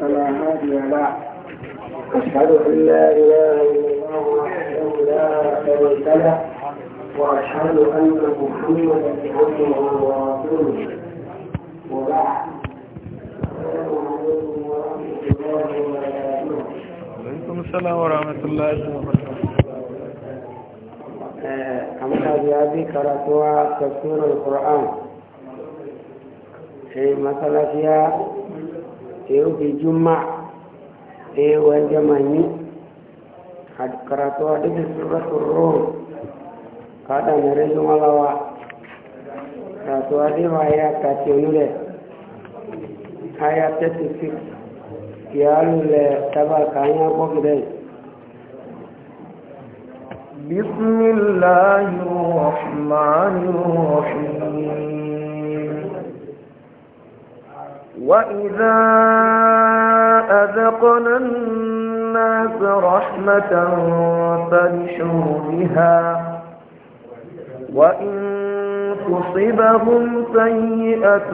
فلا هادي له أشهد أن لا إله إلا الله وحده لا شريك له وأشهد أن محمدا عبده ورسوله وبعد وعليكم السلام ورحمة الله وبركاته آه، أمسى بأبي قرأتها تفسير القرآن في مثلا فيها èyí fi júmà èyí wọ́n jẹ́ máa ní àdìkàràtọ́ adébí sọ́rọ́tò rọ́ọ̀ kádà mẹ́rẹ́ jọmọ́ lọ́wọ́ kàràtọ́ adébá ayé àkàtì onílẹ̀ ayé àtẹ́sí fi kì á lulẹ̀ tábà káyán gbọ́gìdẹ́ بسم الله الرحمن الرحيم وإذا أذقنا الناس رحمة فلشوا بها وإن تصبهم سيئة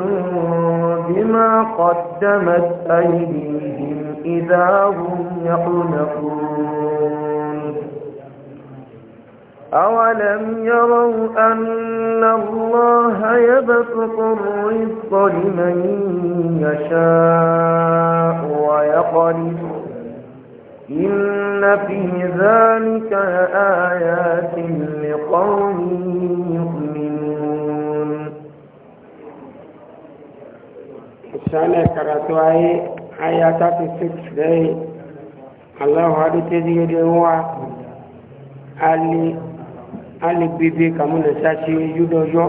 بما قدمت أيديهم إذا هم يقنطون أولم يروا أن الله يبسط الرزق لمن يشاء ويقدر إن في ذلك آيات لقوم يؤمنون السنة كرتوائي آيات 36 الله هذا تزيد هو alibebe kamuna sase yudɔyɔ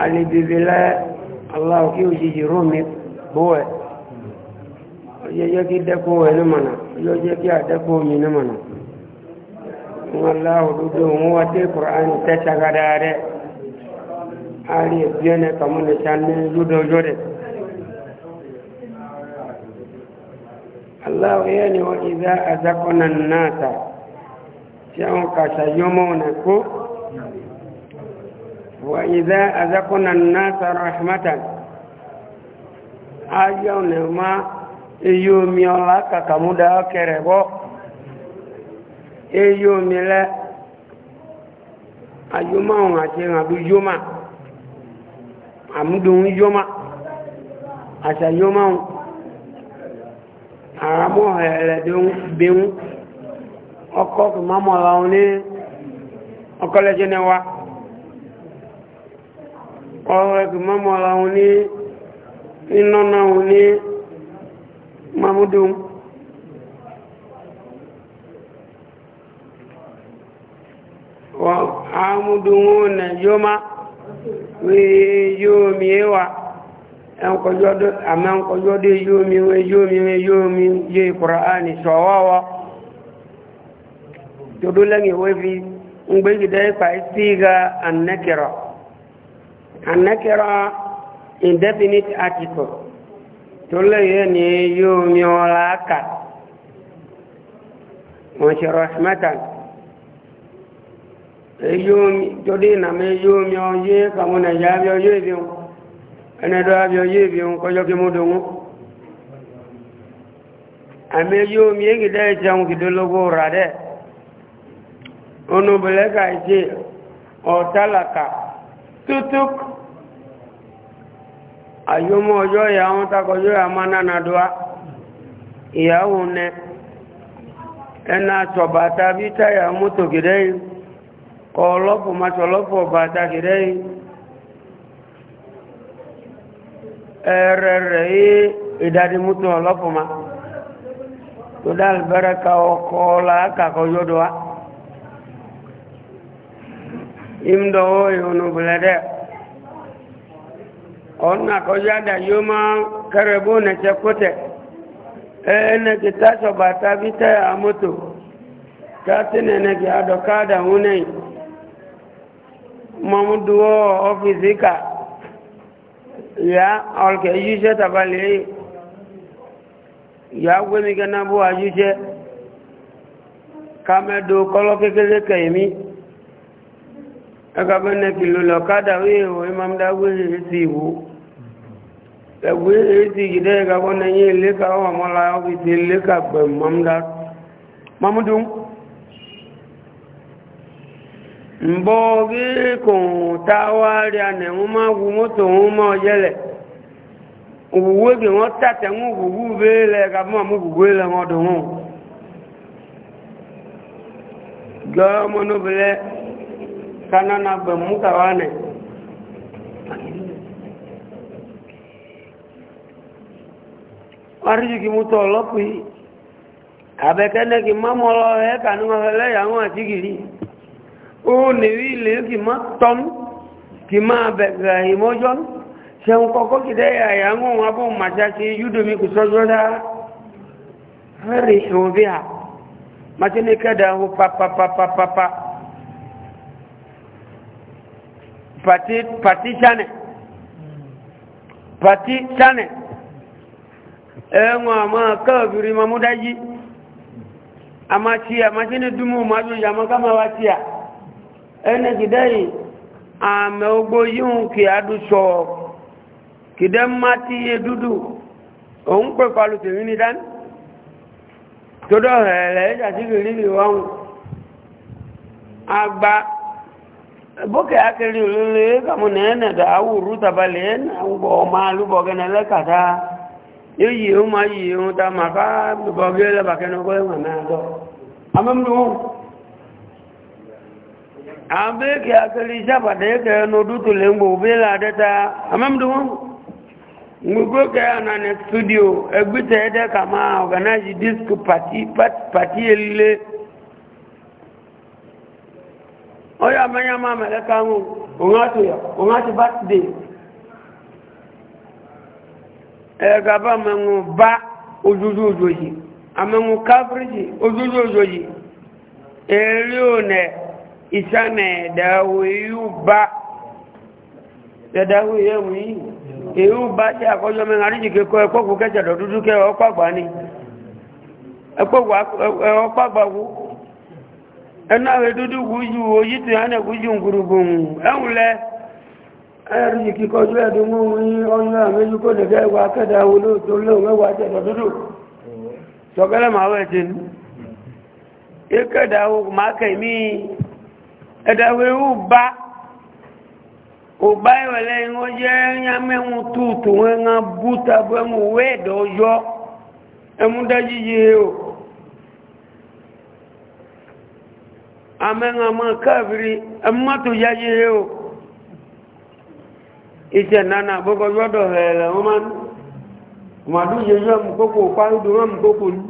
alibebe lɛ alahu ki o yiyi romi bowɛ yɛyɛ ki dɛko wɛ ne mana yɔyɛ ki a dɛko mi ne mana ŋalahu dodo ŋu wa te kuran tɛ saga daa dɛ ali ebiɛnɛ kamuna sane yudɔyɔ dɛ. الله يعني وإذا أذقنا الناس tí àwọn kàṣà yọ mọ́ ọ̀nà kó wà ìdá àzákọ́nà náà sára ahmatan ayé ọ̀nà má eyi omi ọlá kàkàmúdà ọkẹrẹ bọ́ àti ìrìnàbí yọ́mà àmúdùn yọ́mà àṣà yọ́mà ọ̀hún àràmọ́ ẹ̀rẹ̀dẹ̀ bẹ́hún ọkọ̀ kì máa mọ̀ láwọn ní ọkọ̀lẹ́jẹ́ ní wa ọ̀rẹ́ kì máa mọ̀ láwọn ní iná náà ní mamudun wa amudun na yoma yomi ewa ẹnkọjọ́dé yomi yomi yomi yomi yé kùrọ̀ á sọ̀wọ́wọ́ todo lengi wevi ngbegi dai pa istiga an nakira an nakira indefinite article tole ye ni yo nyola ka mo shi rahmatan eyo tode na me yo myo ye kamuna ya myo ye bi ene do abyo ye bi ko yo ki mudungu ame yo mi ngi dai jang ki do logo rade onu bile gaji ọ̀tálàkà tútúk àyọ́mọ́ ọjọ́ ìyàwó takọjọ́ àmà nánàdọ́wà ìyàwó nẹ ẹna tọ̀bàtà bí táyà mútò gẹ̀rẹ́ yìí kọ ọlọ́pù ma tọ̀lọ́pù ọbàtà gẹ̀rẹ́ yìí ẹ̀rẹ̀ rẹ̀ yìí ìdádi mútò ọlọ́pù ma tó dá àlùbẹ́rẹ́ ka ọkọ̀ ọlá kàkọ́jọ́ dọ́wà. imdowo yonu bulade onna ko yada yuma karebu na chakote ene kitacho bata bita amoto tatine ne ki adokada unei mamuduwo ofisika ya olke yuse tabali ya gwemi gana bu ajuse kamedo kolo kekele kemi akabene kìlò lọ́kádà wíwò imamdá wíwò èsì ìwò ẹ̀wé èsì ìdẹ́ ìgbàgbọ́nà yí ìléka ọmọlá ọ́fíìsì ìléka pẹ̀ mamdá mamudu mbọ́ kíkùn táwárí anẹ̀wọ́n máa wù mọ́tò wọn mọ́ ọjẹ́lẹ̀ òwúwé kì wọ́n tàtẹ̀ ń gbogbo bẹ́ẹ̀lẹ̀ kàbọ́n àmú gbogbo ẹ̀lẹ̀ wọn dùn wọn gbọ́ ọmọ nóbìlẹ̀ Kanana na gbamuka wane arziki mutu ọlọ́pù yìí àbẹ̀kẹ́lẹ́ kì má mọ́ lọ ẹ́ kànú ọ̀fẹ́lẹ́ ìyàwó àti gìrì ó nìrí ilé kì má tọ́n kì má bẹ̀gẹ̀ ìmọ́jọ́ ṣẹun kọ́kọ́ kì dẹ́ ìyàwó wọn bó màṣá ṣe yúdomi kò sọ́jọ́ dá rẹ̀ ìṣòwò bí i à màṣẹ́ ní Pa, pa, pa, pa, pa. pati pati chane pati chane ẹ̀wọ̀n àmọ́ kọ́ọ̀bìrì mamudaji a ma ṣí a ma ṣí ní dúnmù májú yàmọ́ ká ma wá ṣí à ẹni kìdẹ́yìn àmẹ́ ogbó yíhun kì á dùn sọ kìdẹ́ má ti yé dúdú òun pè palu tèmi ní dání tó dọ̀ rẹ̀ rẹ̀ ṣàṣìkiri rí wọn àgbà boke akiri lule kamu nene da awu ruta balen ngo malu boge na lekata yoyi o ma yi o ta ma ka boge le ba keno ko ma na do amam lu abe ke akiri jaba de ke no dutu le ngo be la data amam lu ngugo ke ana ne studio de kama organize disc party party ele onye amanya ma amaleka nwụ ụnhatụ ya ụnhatụ batde ẹgaba amẹnwụ ba ojújú ojoji amẹnwụ káfíríjì ojújú ojoji èrè ònẹ ìsànà ẹ̀dàwó yíò ba ẹ̀dàwó yẹ̀wò yìí eyu ba ṣe àkọjọ mẹ́rin ni ẹnáwẹ̀ dúdú gúújú oyí tí a nẹ̀ gúújú gúrùgbùn ẹ̀hùnlẹ̀ ẹ̀rù ìkíkọjú ẹ̀dùnmú ọyún àmẹ́jú kò nẹ̀gẹ́ ìwà akẹ́dà olóòtú olóòwẹ́wà tẹ̀dọ̀ dúdú sọ̀gẹ́lẹ̀ máa wẹ̀ tí ọjọ́ amẹ́ngàmọ́ káàbìrí ẹmọ́tò yáyé o ìṣẹ̀ nana àgbọ́kọ̀ yọ́dọ̀ ẹ̀ẹ̀lẹ̀ wọ́n máa ń màdú yẹyọ mùkókò pàrúdù wọn mùkókò ní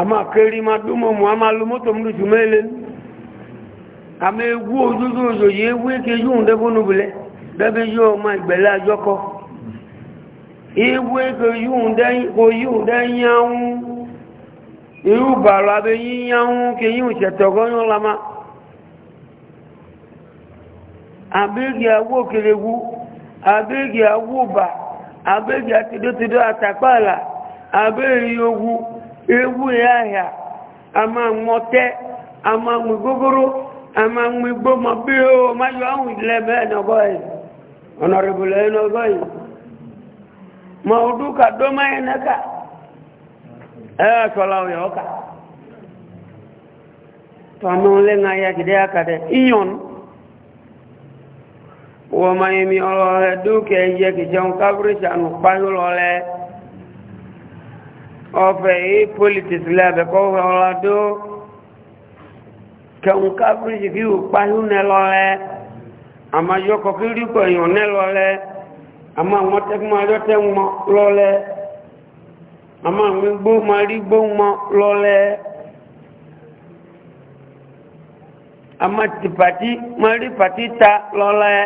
a máa kéré máa dúmọ̀ mọ́ a máa lo mọ́tò mú jù mẹ́lẹ̀ àmì ewu ojúdú òjò yìí ewu èké yóò dẹ́gbónú bilẹ̀ dẹ́bí yóò máa ìgbẹ̀lẹ̀ àjọkọ ewu èké yóò dẹ́yìn irú bàrọ̀ abẹ yíyáhún kí yíò ṣẹ̀tọ̀gọ́yún lama abẹ́gì awó kèrègú abẹ́gì awó bà abẹ́gì atìdótìdó àtàkpàlà abẹ́rì ewu yáhà e a máa mọ́tẹ́ a máa mú gógóró a máa mú igbó mọ́ bí ma má yọ àwọn ma mẹ́rin ọgọ́ ma ọ̀nà rẹ̀ bùlẹ̀ ee chọla onye ọka tọnụle na ya gide aka dị iyon wọ́n mi ọlọ́rẹ̀ dúkẹ́ yẹ kì jẹun kábíríṣà nù páyó lọ́lẹ́ ọ̀fẹ́ rí pẹ̀yàn àmà àwọn tẹ́kùnmọ́ àmọ́ àwọn gbó ma rí gbó mọ́ lọ́lẹ́ àmọ́ ti pàtí ma rí pàtí ta lọ́lẹ́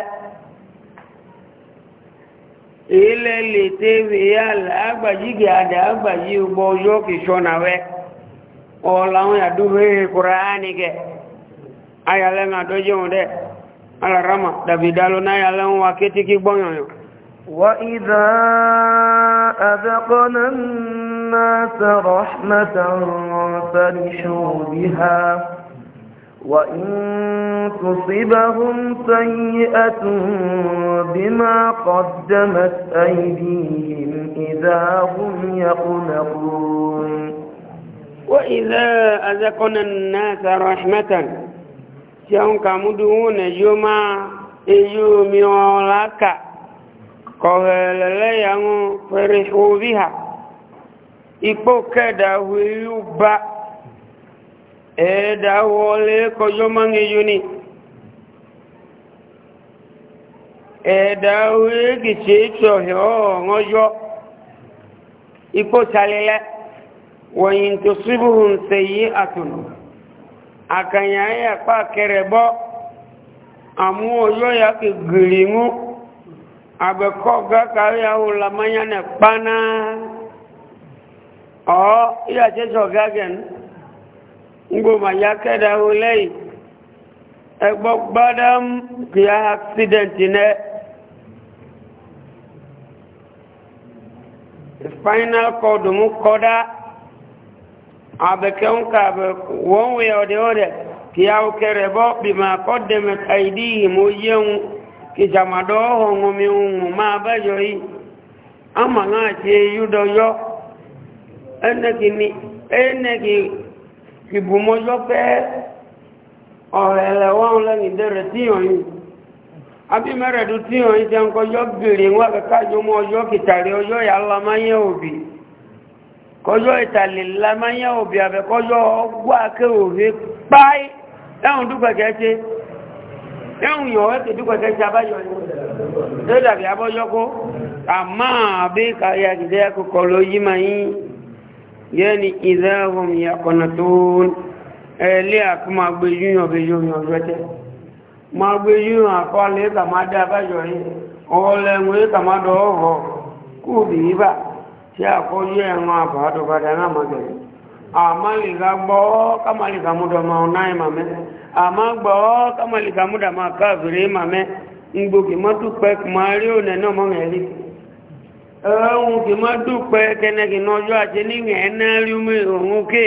ilẹ̀ lè tẹ́wẹ̀ yá àgbàjígẹ̀ àdà àgbàjí ọgbọ̀ yóò kì ṣọ́nàwẹ́ ọ̀làwọn àdúgbẹ́ kùránì kẹ́ ayàlẹ́nà àdójẹun dẹ́ alàrámà dàbìdálò náà yàlẹ́wọ̀n wa kétíkí gbọ́nyọ̀nyọ̀ وإذا أذقنا الناس رحمة فرحوا بها وإن تصبهم سيئة بما قدمت أيديهم إذا هم يقنقون وإذا أذقنا الناس رحمة يوم كمدون يوم يوم لك قال ليهم فرحوا بها ikpo kẹ́ẹ̀dà wíyú bá ẹ̀ẹ́dà wọlé kọjọ́ mọ́ngíyú ni ẹ̀ẹ́dà wíyí tí ètò ọ̀hẹ́ọ̀ọ́jọ́ ikpo salilẹ́ wọ̀nyìn tó síbùhùn sẹ̀yí àtùnù àkànyà ẹ̀yàpá kẹrẹ̀ bọ́ ya ọjọ́ yà kì gìrì mú àbẹ̀kọ́ gákàrí àwọn ọ ya chechọ gagen ngoma ya kẹda olẹ́yìn ẹgbọ́ gbádám kí á aksidẹ̀ntì nẹ́ final call mú kọ́dá àbẹ̀kẹ́ ń ka àbẹ̀ wọ́n wẹ̀ ọ̀dẹ̀ ọ̀dẹ̀ kí á kẹrẹ bọ́ bí máa kọ́ dẹ̀mẹ̀ àìdí ìmọ̀ yẹun kí jàmàdọ́ ọ̀hún omi ohun ẹnẹ́gì ni ẹnẹ́gì ìbùmọ́jọ́ pẹ́ ọ̀rẹ̀lẹ̀ wọ́n lẹ́yìn dẹ̀rẹ̀ tíyàn yìí àbí mẹ́rẹ̀dù tíyàn yìí jẹun kọjọ́ bèèrè wọ́n kẹta jọmọ́ ọjọ́ ọjọ́ òbí kọjọ́ ìtàlẹ̀ òbí òbí páì ẹ̀hùn ṣe yẹ́ni ìdáhùn ya ọ̀nà tó ẹ̀lẹ́ àkú ma gbé yúyàn bí yúyàn ọjọ́ tẹ́ ma gbé yúyàn àkọọ́lẹ̀ ìkà máa dá abájọ yìí ọlẹ́mù ìkà máa dọ̀ ọ̀họ̀ kú bí i bá tí àkọ́jú ẹ̀rùn àbádọ́bádá náà ma gẹ̀rẹ̀ ẹ̀rùn kì mọ́ dúpẹ́ kẹnẹ̀kì náà ọjọ́ àti níyàn ẹ̀nà rímú òun ké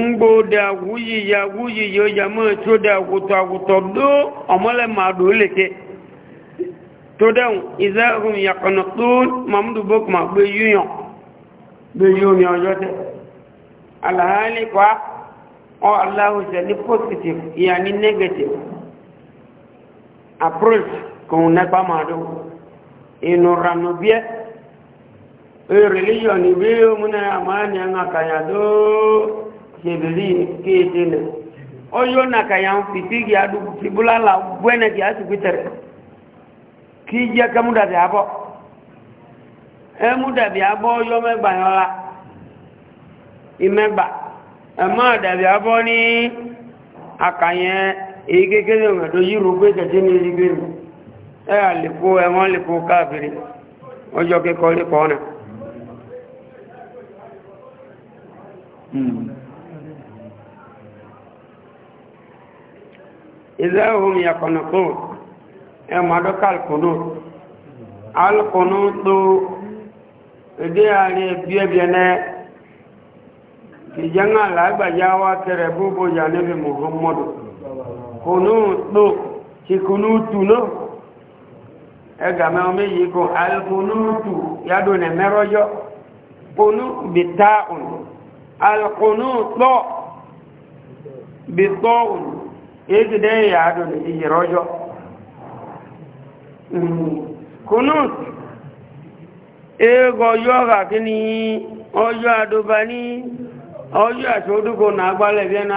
ń gbó dàgú yìyà gú yìyà ọjà mọ́ tó dàgùtọ̀ àgùtọ̀ dó ọmọlẹ̀ máa dò léke tó dẹ̀hùn ìzẹ́rùn yàkọ̀nà tó mahmudu bokma gbé yúyàn gbé yúyàn ọjọ́ tẹ́ alahali kwa ọ aláhùsẹ̀ ní positive ìyà ní negative approach kò ń nẹ́pá máa dùn inuranu bie e religion ibe muna amani anga kaya do kebeli ketene oyo na kaya fitigi adu tibula la bwene ki asu pitere kija kamuda de abo e muda bi abo yo megba yola imegba ama e da bi abo ni akaye igegele ngado yiru gbe tete ni ligbe ni ẹ àlèkó ẹ̀wọ́n lèkó káàkiri ọjọ́ kíkọ́ lèkọ́ ọ̀nà ìzẹ́ ohun ìyàkọ̀nà tó ẹ̀mọ̀ alkùnú alkùnú tó èdè àárín ẹbí ẹbí ẹnẹ ìjẹ́ngà lágbàjá wá tẹ̀rẹ̀ bóbó yà níbi kùnú tó tù náà ẹgbàmẹ́ ọmọ yìí kò alkùnútù yàdò nẹ mẹ́rọ́jọ́ kùnú unu, alkùnútọ̀ bìtọ́ùn èyí dẹ́ yàdò nẹ ìyẹ̀rọ́jọ́ kùnútù ẹgọ yọ́gà kí ni ọjọ́ àdóbá ní ọjọ́ àṣọ́dúkọ̀ nà agbálẹ̀ bí ẹna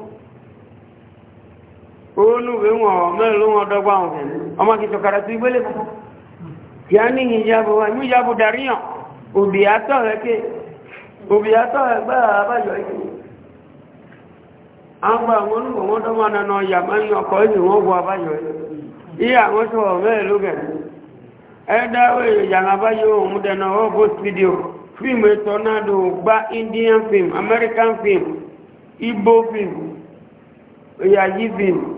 olúwe wọn mẹ́rin wọn dọ́gbà ọ̀hún ọmọ kìí sọ̀kàrà tó igbélé fún kí a ní ìjábò wa ìmú daríyàn òbí àtọ̀ rẹ̀ òbí àtọ̀ rẹ̀ àbájọ ìkú àwọn àwọn olùkọ̀ wọn dọ́gbà nana ọ̀yà máa ń ọkọ̀ wọn bu àbájọ àwọn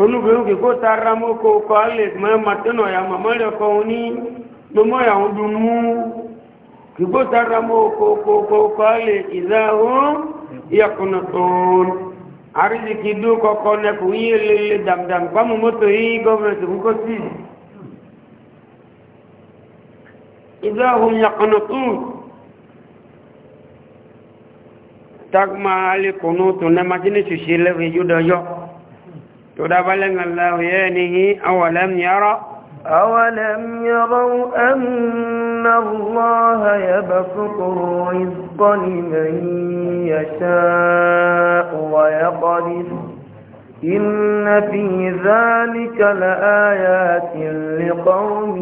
olúgbèrúkè kó tara mọ́ kó kọ́ alẹ́ mọ́ ya mọ́ lẹ́kọ́ ní lọ́mọ́ ìyàwó dùn mú kì kó tara mọ́ kó kó kó kọ́ alẹ́ ìzáhùn ìyàkùnà tóun àríṣìkì dún kọ́kọ́ nẹ́kù yíyẹ lélẹ̀ dàmdàm pàmò mọ́tò yìí gọ́ọ̀mẹ̀ntì kúkó sí ìzáhùn ìyàkùnà tóun tagma alẹ́ kùnú tó nẹ́májínì تدبلن الله يانه أولم يرى أولم يروا أن الله يبسط الرزق لمن يشاء ويقدر إن في ذلك لآيات لقوم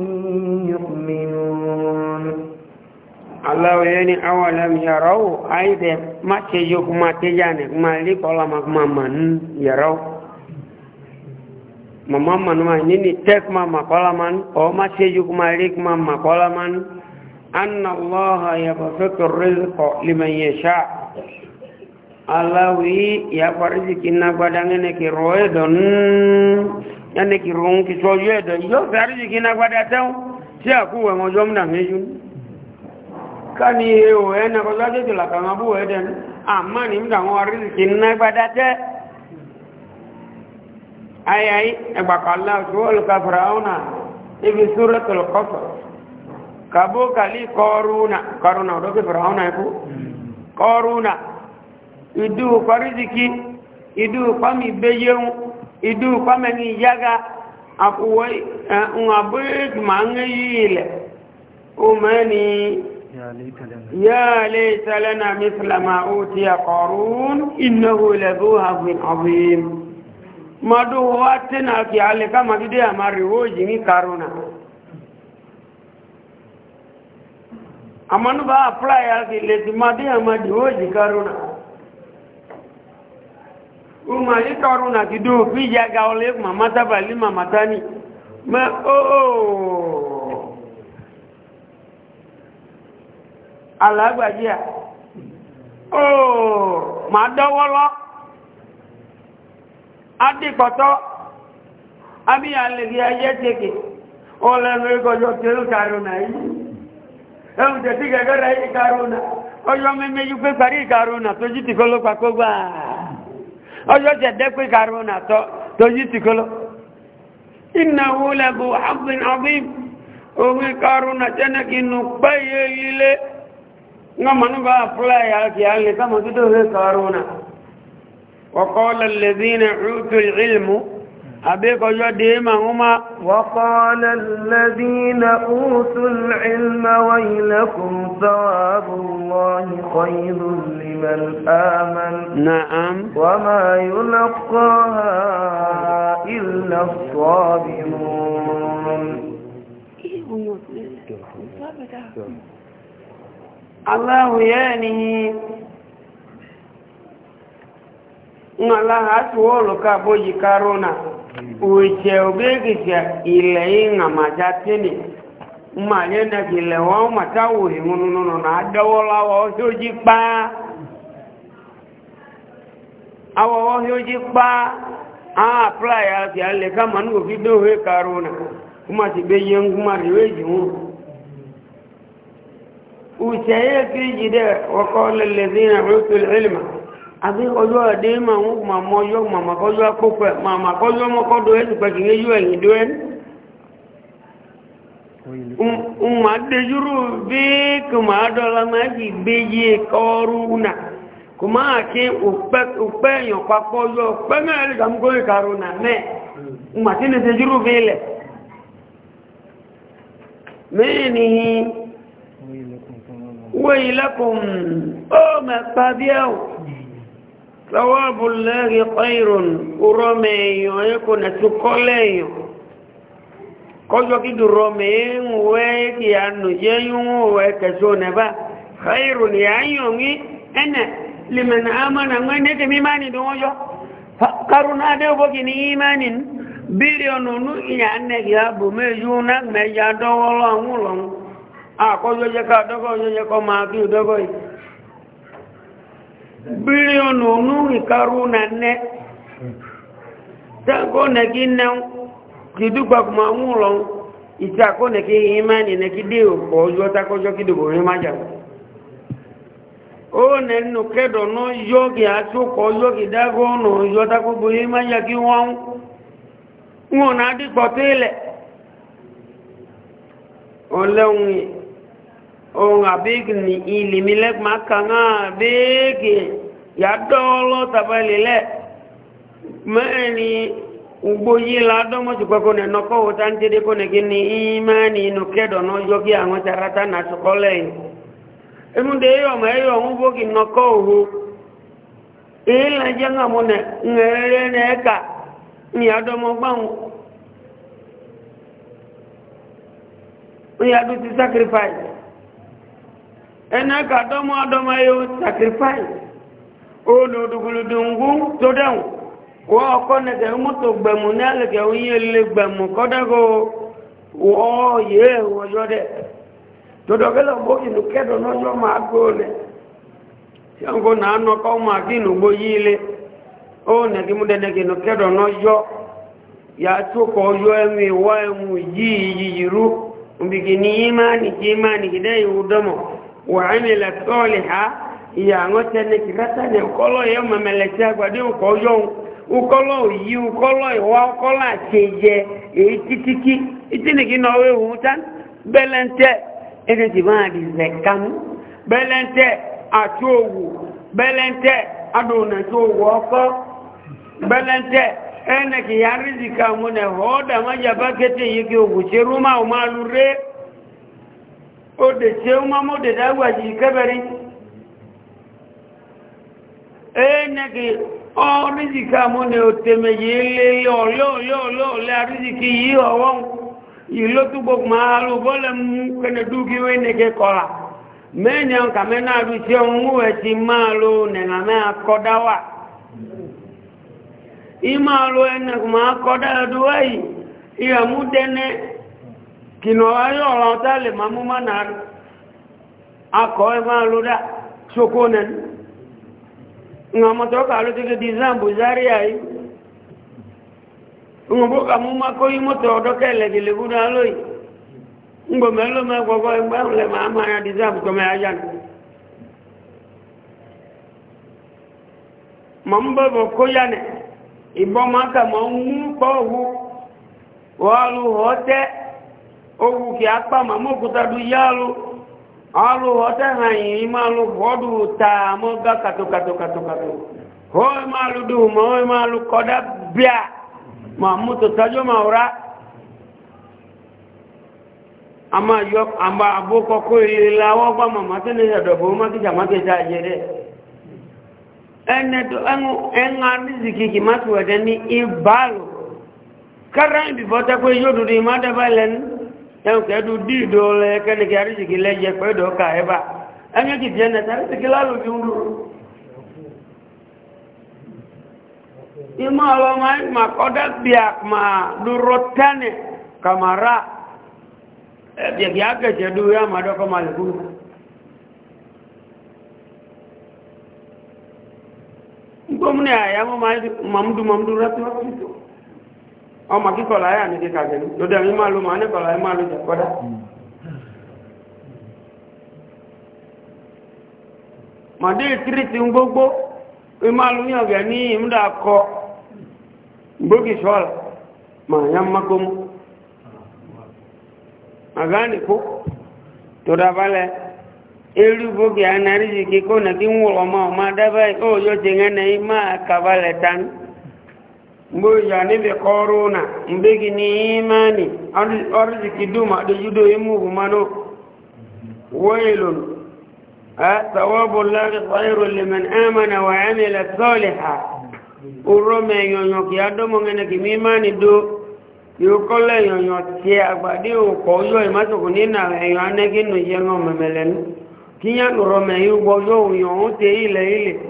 يؤمنون الله يعني أولم يروا أيضا ما تجوك ما تجانك ما لك ولا ما من يروا mama manuma nini tek mama kolaman o ma seju kuma rik mama kolaman anna allah yabsutu rizqa liman yasha alawi ya farziki na badang ne ki roe don yani ki ron ki soje don yo farziki na gwada taw aku wa ngojo mna ngeju kani e o ena ko zaje la kama bu eden amani mda ngo riziki na gwada aya yìí ẹgbàkọ̀ aláwọ̀ tó wọ́n ka fìràúnà ibi súrẹ́ tó lọ kọ́fọ̀ kàbó kàlí kọ́rùnà kọ́rùnà ọ̀dọ́ kí fìràúnà ẹ̀kú kọ́rùnà ìdú kọ́rìsìkì ìdú pàmì ìbéyéhùn ìdú pàmẹ́ni yága àkùwọ́ ìhàbóyèkì máa ń yí ilẹ̀ ọmọni yáàlé ìtàlẹ́nà mísìlámà ó ti àkọ̀rún ìnáwó lẹ́gbó àgbìn ọ̀gbìn madu wa tena kiale kama vile amariwoji ni karuna amanu ba apply yake leti madi amadiwoji karuna uma ni karuna kidu pija gaole mama tabali mama tani ma o oh. alagbajia o oh. oh madawolo adìpọ̀tọ́ àbí àlèrí ayé tèkè ọlẹ́nu ìgọjọ́ tẹ́lú karùnà yìí ẹ̀rùn tẹ̀sí gẹ̀gẹ́rẹ́ ìkarùnà ọjọ́ mẹ́mẹ́jú pé parí ìkarùnà tó jí tìkọ́lọ́ pàkógbà ọjọ́ tẹ̀dẹ́ pé karùnà tó jí tìkọ́lọ́ ìnáwó lẹ́bù ọ̀gbìn ọ̀gbìn omi karùnà tẹ́nẹ́kì nù pẹ́yẹ ilé ń وقال الذين أوتوا العلم أبيك جديما هما وقال الذين أوتوا العلم ويلكم ثواب الله خير لمن آمن نعم وما يلقاها إلا الصابرون الله يعني ngalaha atuwolo kabo yikarona uche obegisha ile inga majatini mmalenda kile wao matawuri ngunununo na adawola waohioji pa awa waohioji pa a playa ati ale kama nuko kidohe karona kuma tibeye nguma riweji mu uche yake jide wa qala utul ilma àbí ọjọ́ ẹ̀dẹ́ máa ń máa mọ ọjọ́ màmá kọjọ́ àpòpọ̀ ẹ̀ màmá kọjọ́ mọ́kọ́dọ̀ ẹ̀ tùpẹ̀ kì í yọ ẹ̀yìn dó ẹ̀. mà á dejúrú bí kò máa dọ́la máa jì gbé yé kọ́ọ́rù nà kò máa kí òpẹ́ èèyàn papọ̀ yọ òpẹ́ mẹ́rin lè dàmú kórè kàrò nà mẹ́ mà sí ní dejúrú bí lẹ̀. mẹ́rin wọ́n yìí ó mẹ́ta bí ẹ̀wọ̀. ثواب الله خير ورمي يكون تكولي كوجو كي درمي ويك يانو ييون ويك سونبا خير يانيومي انا لمن امن من نك ميماني دوجو فقرنا دو بكي ايمان بليون نو يعني يا بو ميجونا ميجا دو والله ولون ا كوجو جكا دوجو جكو ما كي دوجو bílíọ̀nù onúrì karùn-ún na nẹ́ tẹ́kọ́ nẹ́kí nẹ́ kì í dúkwà kùmọ̀ àwọn ọ̀rọ̀ ìtàkọ́ nẹ́kí ìhìnmá ní nẹ́kí dé òpó ọjọ́ takọ́jọ́ kí dùkwà rí májá ó nẹ́ nù kẹ́dọ̀ ná yọ́gì àtúkọ́ yọ́gì dágọ́ onga oh, big ni ili milek makanga big ya dolo tabali le mani uboyi la do mo ti kwako ne noko o tan ti de ko ne gini imani no kedo no jogi anwa tarata na sokole e mun de yo ma yo mu bo ki noko o e la janga mo ne ngere ne ka ni ado mo gba un ya do ti sacrifice ẹnna ka dọmọ adọmọ yóò sacrifice olùdùgbùlùdùngún tó dẹ̀wọ̀n wọ́n ọkọ́ nẹ̀kẹ̀ mọ́tò gbẹ̀mù ní àlẹ̀kẹ̀ oyin lè gbẹ̀mù kọ́dẹ́gọ́ wọ́n yé ọjọ́ dẹ̀ tòdọ̀kẹ́lẹ̀ bó ìlú kẹ́dọ̀ lọ́jọ́ máa gbó lẹ̀ tí wọ́n kò náà nọ kọ́ máa kí ìlú gbó yí lé ó nẹ̀kí mú dẹ́nẹ́kì ìlú kẹ́dọ̀ lọ́jọ́ yà tó kọ́ yọ ẹ̀mí wá ẹ̀mú yí yìí rú òbíkì ní yí máa nìkí máa nìkí dẹ́ ìwú dọ́mọ̀ وعمل صالحا ìyàwọ́tẹ́ ní kìrátà ní ọkọ́lọ́ yẹ mọ̀mẹ̀lẹ̀tẹ́ àgbàdé ọkọ̀ yọun ọkọ́lọ́ yí ọkọ́lọ́ ìwá ọkọ́lọ́ àṣeyẹ èyí títíkí ìtìnìkì náà wé òun tán bẹ́lẹ́ntẹ́ ẹni tí máa di o de tí ó mọ́ mọ́ dẹ̀dá wàjì ìkẹ́bẹ̀rí ẹ́nẹ́gẹ̀ ọ rízìkì àmúni òtèmẹ̀ yìí lé ọ̀lẹ́ọ̀lẹ́ọ̀lẹ́ àrízìkì yìí ọwọ́ yìí ló túbọ̀ máa lò ìmọ̀ àrò ẹnẹ̀kùnmọ̀ akọ́dá ẹ̀dọ́wẹ́ yìí ìyàmú dẹ́nẹ́ kìnà ayọ́ ọ̀rọ̀ tá lè máa mú máa náà akọ̀ ẹ máa ló dá ṣokó nẹnu ìwọ̀n mọ́tọ́ kà ló tẹ́kẹ́ di zambu zaria yìí ìwọ̀n bó kà mú máa kó yí mọ́tọ̀ ọ̀dọ́kẹ́ lẹ́gẹ̀lẹ́ gúdá lóyìí ngbọ̀mẹ́ ló máa gbọ́gbọ́ ẹgbẹ́ ọ̀lẹ́ máa máa yá di zambu kọ́mẹ́ ajá nù mọ̀ ń bọ̀bọ̀ kó yá nẹ̀ ìbọn máa kà mọ́ ń mú pọ̀ ogu ke akpa ma mo kuta du yalu alu hota ha yi ma lu bodu ta mo ga katu katu katu katu ho ma lu du ma ho ma lu koda bia ma mu to tajo ma ora ama yo amba abu ko ko yi la wo pa ma ma tene ya do bo ma ti ja ma ti ja je re ene do an en ga ni ziki ki ma tu wa ni ibalu karan bi bota ko yo du ni ma da balen ẹ̀hùn kẹ́dù dìdò lẹ kẹ́nìkì àríṣìkì lẹ́yẹ pẹ́dọ̀ ọkà ẹ̀bà ẹ̀yẹ́kì jẹ́nẹ̀ tàríṣìkì lálòjú ń lò ìmọ̀ ọlọ́mọ ìmọ̀ kọ́dá bí àkùmà lóró tẹ́nì kàmàrà ẹ̀bìẹ̀kì àkẹ́kẹ́ dúró yá màdọ́kọ́ màlẹ́kú gómìnà àyàmọ́ mamdu mamdu rẹ́pẹ́lẹ́pẹ́lẹ́ ọmọ kí kọlá yà ní kíkà jẹ́ ló dẹ̀ mí máa ló máa ní kọlá yà máa ló jẹ́ kọ́dá màdé ìtírìtì ń gbógbó ní máa ló ní ọ̀gẹ̀ ní ìmúdà kọ gbógi sọ́ọ̀lá màá yá mmakó mú àgáàníkó tó dábálẹ̀ eru gbógi anárìsì kíkó nàkí ń wọ̀ ọmọ ọmọ adábáyé ó yóò ti ń ẹnẹ́ yìí máa kábálẹ̀ tánú ngoyi ya nibe korona mbegi ni imani arzi kiduma da yudo imu humano wailun thawabu eh, lahi khairu liman amana wa amila saliha urome nyonyo kiado mongene kimimani du yukole nyonyo tie agbadi uko yo imato kunina yane kinu yengo memelenu kinya urome yu bojo uyo ute ile ile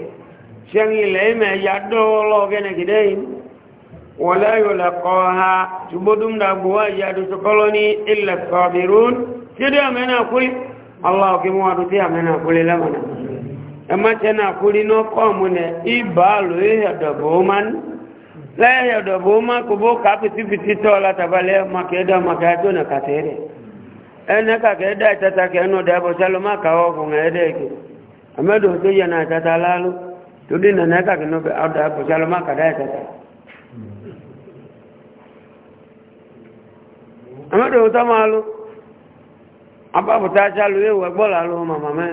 shangi ile ime yado lo gene kidein ولا يلقاها تبدم دعوا يا دسكلوني الا الصابرون كده منا كل الله كما ودي منا كل لما اما كنا كل نقوم ني ابالو يا دبومان لا يا دبوما كبو كاب في في تولا تبل ما كدا ما كدا نكاتيري انا كدا تتاك انه دابو سلام ما كاو فمهدك امدو تجينا تتلالو تدين نكاك نو ابدا سلام ما كدا تتاك àmọ́dọ̀ ohun tó máa lọ abábùtá sálú ewu ẹgbọ́là ló màmá mẹ́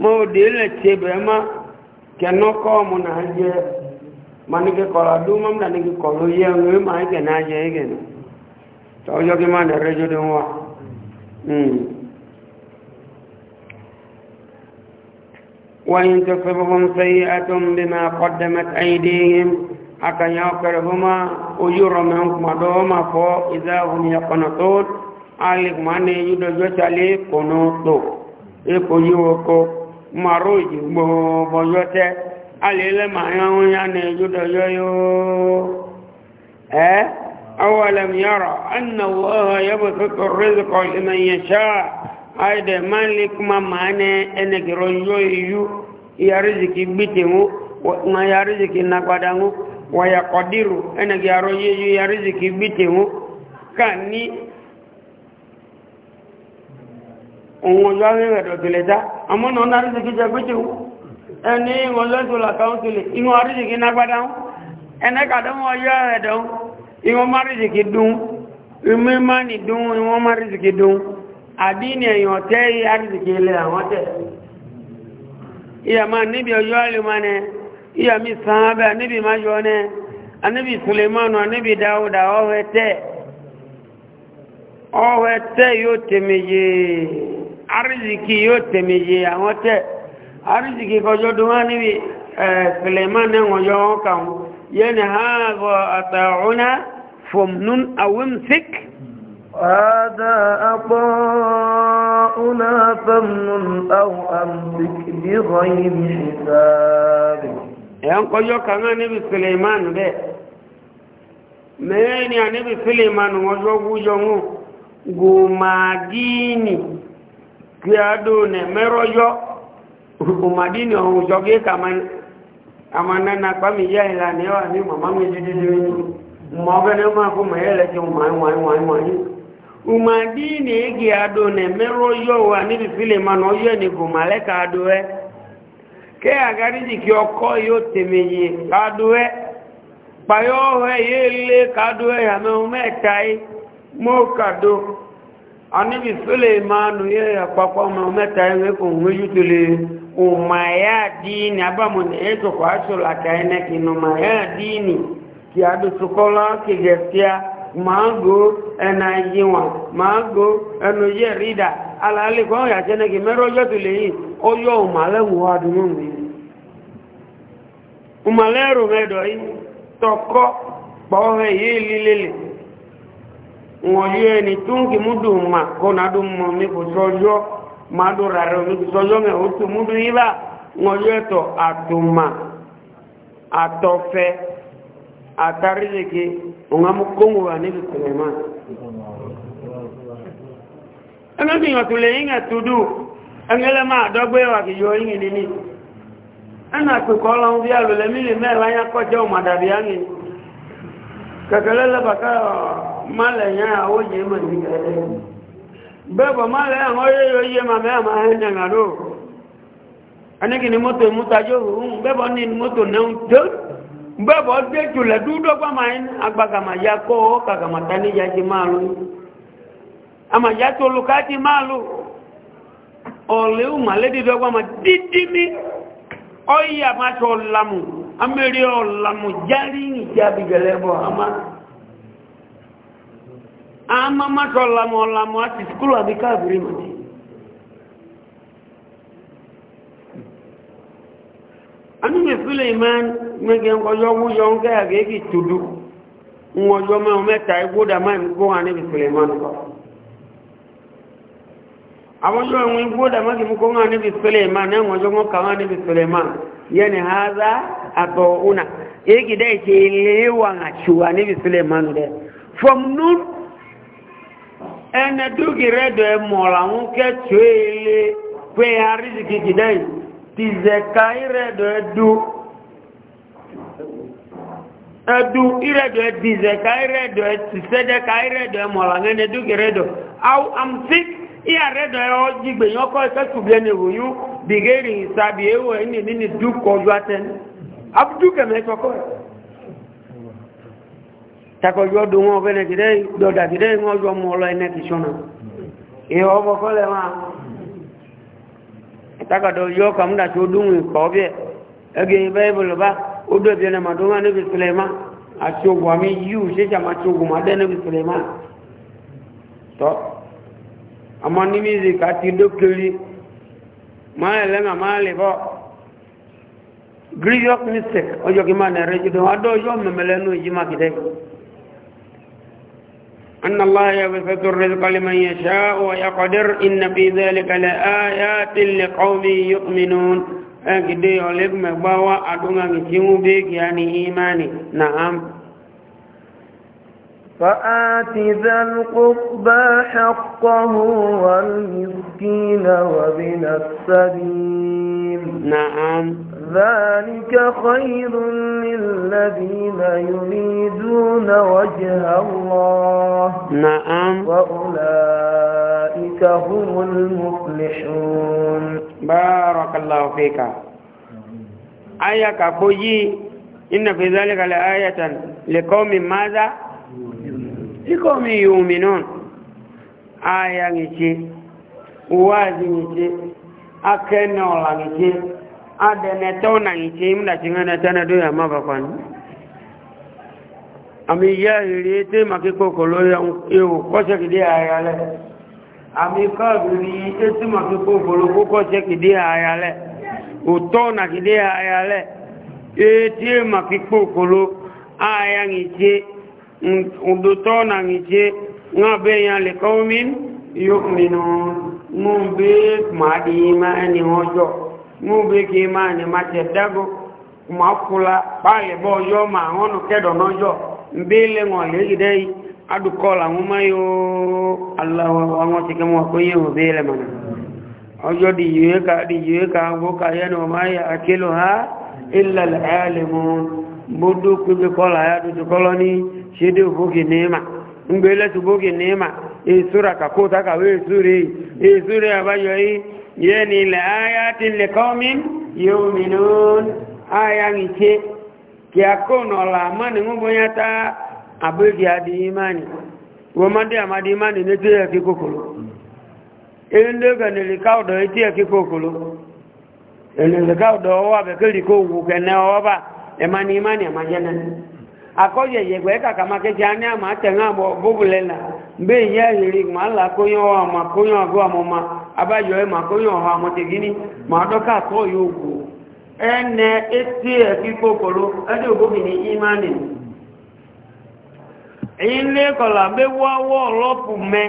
mọ́ òdè ilẹ̀ tí ebẹ̀ má kẹ̀nà kọ ọmọ náà ma manike kọ́la dún mọ́mdà ní ọ ló yẹ ma ẹ̀ máa kẹ̀ náà jẹ́ ẹ̀kẹ̀ nù tọ́jọ́ kí máa dẹ̀rẹ́ jọ́ dún wa. وإن تصبهم سيئة بما قدمت أيديهم akanya okere huma oyuro me kuma do ma fo iza hum yaqanatut ali mane yudo jotale kono to e ko yiwoko maroji mo bo yote ali le ma yan ya ne yudo yoyo eh awalam yara anna allaha yabthutu ar-rizqa liman yasha aide malik ma mane ene giro yoyu ya riziki bitingu ma ya riziki na kwadangu wayakọdírù ẹnàgì àrọ yíyí àríṣìkì gbítè wọn ká ní ohun ọjọ́ arìnrìnàjò tó lè dá àmọ́nà ọ̀nà àríṣìkì jẹ gbítè wọn ẹni ìwọ̀n lọ́sọ̀lá káúntìlẹ̀ ìwọ̀n àríṣìkì nágbádá wọn ẹnẹ́kàdánwọ̀ ọjọ́ ẹ̀dọ̀ ni márìṣìkì dùn ìmọ̀ ìmánì dùn ìwọ̀n márìṣìkì dùn àdínì èèyàn tẹ́ àríṣìkì ilẹ̀ àwọn tẹ̀ ìyàmá níbi ọjọ́ àlùmọ́ iya mi sahaba anibi majone anibi suleimanu anibi dauda ohete ohete yote meje arziki yote meje àwọn te arziki kojo duma nibi eh, suleimanu ngojo kan yani hago atauna fumnun awimsik هذا أطاؤنا فمن أو أمسك بغير حساب ẹ̀yàn kọjọ́ kan náà níbi suleiman bẹ́ẹ̀ mẹ́rin ni a níbi suleiman wọ́n jọ wújọ mú gòmàdínì kí a dò nẹ mẹ́rọ́jọ́ gòmàdínì ọ̀hún jọ gé kàmánánà pàmìyà ìlànà ẹwà ní màmá mi dídídí mọ́ bẹ́ẹ̀ máa fún mẹ́rẹ́ lẹ́tí wọ́n gòmàdínì egi a dò nẹ mẹ́rọ́jọ́ wà níbi suleiman ọjọ́ ni gòmàlẹ́ka dò ẹ́ kẹ́ àgáríjì kí ọkọ́ yóò tèmèyè kádúẹ́ pàyọ́ ọ̀hẹ́ yé lé kádúẹ́ àmẹ́hùn mẹ́ta yìí mọ́ kàdó aníbi fẹ́lẹ̀ máa nù yẹ́ àpapọ̀ àmẹ́hùn mẹ́ta yìí kò ń wéjú tó lè òmàyà díìnì ní ètò tó lè ó yọ adùnmọ́ mi umalero medo yi toko bohe yili lili ngoliye ni tungi mudu ma kona dum mo mi ko sojo madu raro mi ko sojo me hotu mudu iba ngoliye to atuma atofe atarije ki unga mukungu wa ni kulema ana ni ngatule inga tudu angela ma dogwe wa kiyo ingi nini ana na ọla ń bí alòlẹ̀ mílì mẹ́la ya kọjá ọmọdàbí ya kẹkẹlẹ́ lẹ́bàká mọ́lẹ̀ yẹn ya yẹ ya ma kẹlẹ́ bẹ́bọ̀ mọ́lẹ̀ àwọn yẹ yóò yẹ mọ̀ mẹ́àmà ẹ̀ẹ́dẹ̀gàdó anigi ni mọ́tò ìmútajó òun bẹ́bọ̀ ní mọ́tò náà tó bẹ́bọ̀ dé jùlẹ̀ dúdọ́gbà máa ń agbàgàmà ya kọ́ kàgàmà tání ya ti máa ma ọyà máa tọ ọ̀làmù amẹ́rí ọ̀làmù járí ìjà abìgẹ̀lẹ̀ bọ̀ àmá àmá máa tọ ọ̀làmù ọ̀làmù àti skúlù àbí káàbìrì màtí anúgbè fílẹ̀ ìmán mẹ́gẹ̀ ọjọ́ wúyọ ń kẹ́ àgẹ́gì tòdó ń ọjọ́ mẹ́ta igbó dàmá ìgbó wà amojo ngwe boda magi mukonga ni bisulema na ngojo ngoka ngani bisulema yani hadha ato una yiki dai ke lewa ngachuwa ni bisulema de from nun ene dugi redo e mola nke chwele kwe hariziki kidai tizeka iredo edu edu iredo edizeka iredo etisedeka iredo e mola ngene dugi redo au amsik iya redo yo jigbe yo ko ka kubye ne wuyu bigeri sabi ewo ni nini du ko yo aten abdu ke me ko ko ta ko yo du won bene gide do da gide won yo mo lo ene ki sona e o bo ko le ma ta ka do yo kam da to du bible ba o do bi na ma do ma ne bi sulaiman ati ogun ami yu se jama ti ogun ma de ne bi sulaiman àmọ́ ní music àti dókèrí máa ẹ̀lẹ́nà máa lè bọ́ grievous mistake ọjọ́ kí máa nẹ̀rẹ́ jù dán adó ọjọ́ mẹ́mẹ́lẹ́ ní máa kìdẹ́ أن الله يبسط الرزق لمن يشاء ويقدر إن في ذلك لآيات لقوم يؤمنون أكدي ولك مبوا أدونا كتيمو بك يعني إيماني نعم فآت ذا القربى حقه والمسكين وبن السبيل نعم ذلك خير للذين يريدون وجه الله نعم وأولئك هم المفلحون بارك الله فيك آية كفوجي إن في ذلك لآية لقوم ماذا لقوم يؤمنون آية نجي وازي نجي أكنا ولا نجي أدنتونا نجي من أجنان تندو يا مبقان àmì ìyá ìrè tí màkíkò kò lórí ewu kọ́ṣẹ́kìdé ara rẹ̀ àmì káàkiri tí tí màkíkò kò lórí kọ́ṣẹ́kìdé ara rẹ̀ òtọ́ nàkìdé ara rẹ̀ ètí màkíkò kò lórí ara rẹ̀ ndutɔ na ŋitse ŋa be ya le kawo min yok minu ŋu ma di ma ɛni ŋɔ jɔ ŋu ke ma ɛni ma tɛ dago ma kula kpali bɔ yɔ ma ŋɔnu jɔ le ŋɔ le yi dɛ yi adu kɔla ŋu ma yo ala wa ŋɔ ti kɛ ko ye o ma na ɔjɔ ka di yue ka ŋgo ka yɛ ni o ma yɛ ha ilẹ̀ ya shede uvugi neema ngwele tubugi neema e sura kakota kawe sure e sura abayo hii ye ni la ayatin liqaumin yu'minun aya ngiche kiakono la mani ngumbo yata abegi adi imani womande amadi imani netia kikokolo endoga nilikaudo etia kikokolo endoga do wa bekeli ko wuke ne oba emani imani amajana akɔyɛ yɛgbɛ kaka ma kɛse ani ama atɛ ŋa bɔ bubulɛ na mbe yɛ hiri ma la konyɔ wa ma konyɔ ago amɔ ma aba yɔ yɛ ma konyɔ ha amɔ tegini ma dɔ ka tɔ yɛ ogo ɛnɛ eti ɛfi kpokolo ɛdi ogo bi ni imani ilé kɔla bɛ wɔ awɔ lɔpu mɛ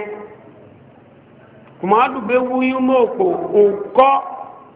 kuma du bɛ wu yi mo ko nkɔ.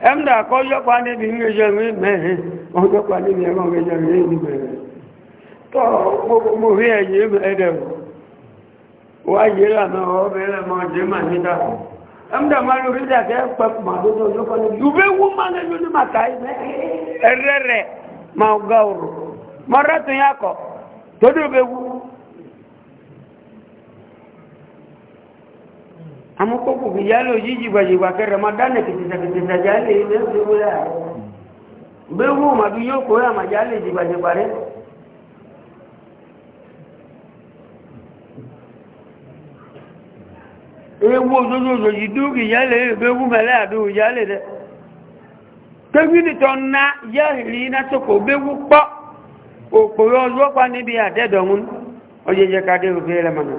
ẹ̀mdà kọ́ yọ́pa níbi ìrìnjẹ́ rí mẹ́rin wọ́n yọ́pa níbi ẹ̀rọ ìrìnjẹ́ rí ní mẹ́rin tọ́ mo rí ẹ̀yẹ ẹ̀dẹ̀ wá yé lànà ọ̀bẹ̀rẹ̀ mọ́ jẹ́ mà nídà ẹ̀mdà máa lórí ìdàkẹ́ pẹ̀pù màdótó yọ́pa níbi ìwé wú máa lẹ́nu ní màkà ẹ̀rẹ́rẹ̀ máa ga òrò amukoko kijalo jiji baji bake ramadani kitisa kitisa jale ile zibula bewu maduyo ko ya majale jibaje bare ewu ojojojo yidu kijale bewu mele adu jale de tebini tonna yahili na soko bewu po okoro ojo pa níbi adedomun ojeje kade obele mana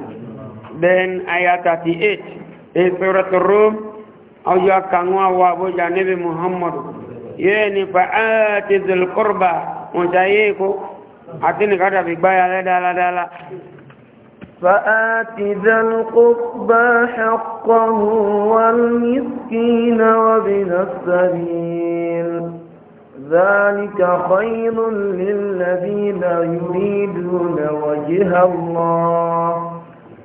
then ayat 38 e suratu rum aw ya kanwa wa bo ja nabi muhammad yeni fa ati dhul qurba mutayiko atini kada bibaya la dala dala فآت ذا القربى حقه والمسكين وابن السبيل ذلك خير للذين يريدون وجه الله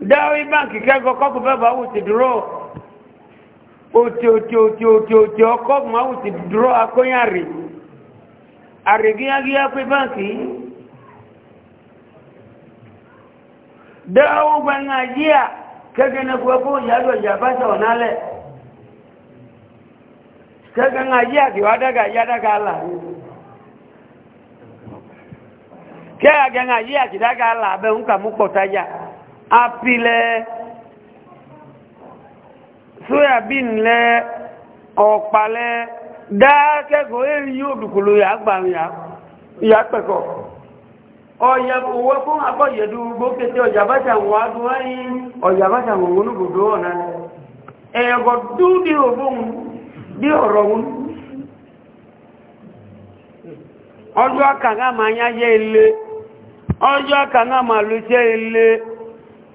dáwí báńkì kẹ́kọ̀ọ́ kọ́pù fẹ́ bá wù ti dúró òtì òtì òtì òtì òtì ọkọ́pù máa wù ti dúró akóyàrí àrègíyágíyá pé báńkì dáwó gbẹ̀ngà yíà kẹ́kẹ́ ní kò kó ìyàgbọ̀ ìjàmbá sọ̀ nálẹ̀ kẹ́kẹ́ ńlá yíà kì wá dága yá dága là kẹ́kẹ́ ńlá yíà kì dága là bẹ́ẹ̀ ń kà mú pọ̀ táyà. api lɛ soyabin lɛ ɔkpa lɛ daa kɛkɔɔ eyi odukolo yà gbàmù yà yà kpɛkɔ ɔyà owó fún akɔ yẹdu gbókété ɔjà bàtà wò adu ayi ɔjà bàtà wò wónú gbòdó ɔnà di di ɔrɔ wọn ma ma lu ele.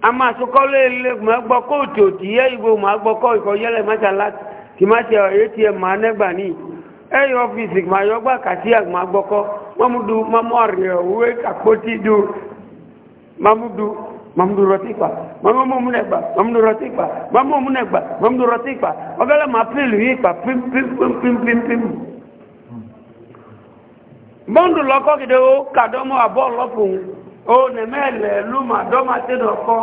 ama sukɔlɔ yi le ma gbɔ kóòtù òtì yẹ ibo ma gbɔ kɔ ikɔ yɛlɛ masa la kì ma se atm ma nɛgba ni eyi ɔfisi ma yɔ gba kasi a ma gbɔ kɔ mamu du mamu ari owe e, akpoti du mamu du mamu du rɔti kpa mamu mamu nɛgba mamu du rɔti kpa mamu mamu nɛgba mamu du rɔti kpa ɔbɛlɛ ma pilu yi kpa pim pim pim pim pim pim bɔndu lɔkɔ gidi o kadɔmɔ abɔ o nẹ mẹ́lẹ̀ lúmà dọ́mà tẹ́lẹ̀ ọkọ́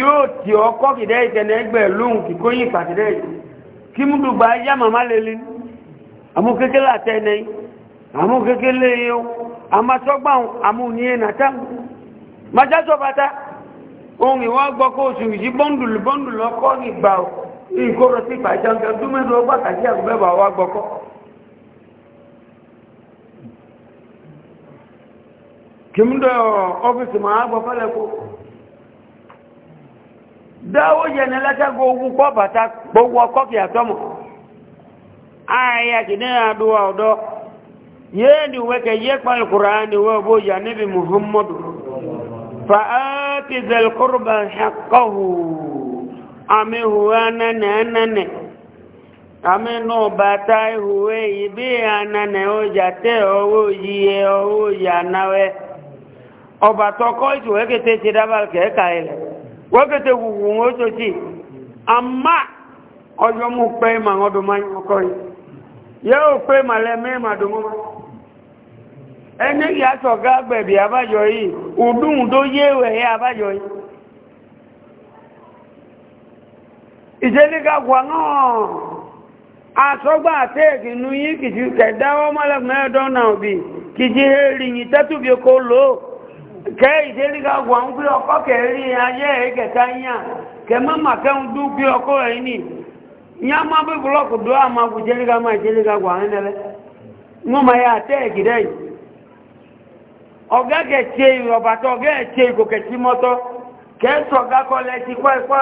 yóò ti ọkọ kìdẹ́ ìtẹ̀lẹ̀ ẹgbẹ̀ lóhun yìí yìí kí mú dùgbà yá màmá lélẹ̀ àmú kékeré àtẹ́nẹ̀ àmú kékeré yóò àmásọ́gbàun àmú bàtà ohun ìwọ́ gbọ́ kó yìí sí kìmdọ̀ ọ́fíìsì máa gbọ́ fẹ́lẹ̀ kó dáwó yẹ ní látẹ́gbọ́ ogun kọ́ bàtà gbogbo ọkọ́ kì àtọ́mù ayẹyẹ kì ní àdúwà ọ̀dọ́ yéé ni wẹ́kẹ̀ yé pàlùkùrà ni wẹ́ bó yà níbi muhammadu fa'áti zelkurba ṣakọ́hù àmì huwa nánà nánà àmì náà bàtà ìhùwé ìbí ànánà ó jà tẹ́ ọwọ́ yíyẹ ọwọ́ yà náwẹ́ ọba tọkọ wee wẹ́kẹ̀tẹ̀ ti dábàá kẹ́ẹ̀ka ilẹ̀ wẹ́kẹ̀tẹ̀ wùwù ń oṣù tí àmà ọjọ́ mú ọjọ mà ń ọdún máa ń kọ́ yìí yóò pé ma lẹ́mẹ́ ma dùn ẹni yàtọ̀ gágbẹ̀bì abájọ yìí ọdún tó yéwẹ̀ náà náà bì kẹ́ ìdéríga wà ń gbé ọkọ́ kẹrí ayé ẹ̀kẹta yàn kẹ mọ́mà kẹun dún gbé ọkọ́ rẹ̀ ní yá má bí àmà wà ń lẹ́lẹ́ wọ́n ma yà tẹ́ ẹ̀gìdẹ́ yìí ọ̀gá ìrọ̀bàtọ̀ ọ̀gá mọ́tọ́ ti kọ́ ẹ̀kọ́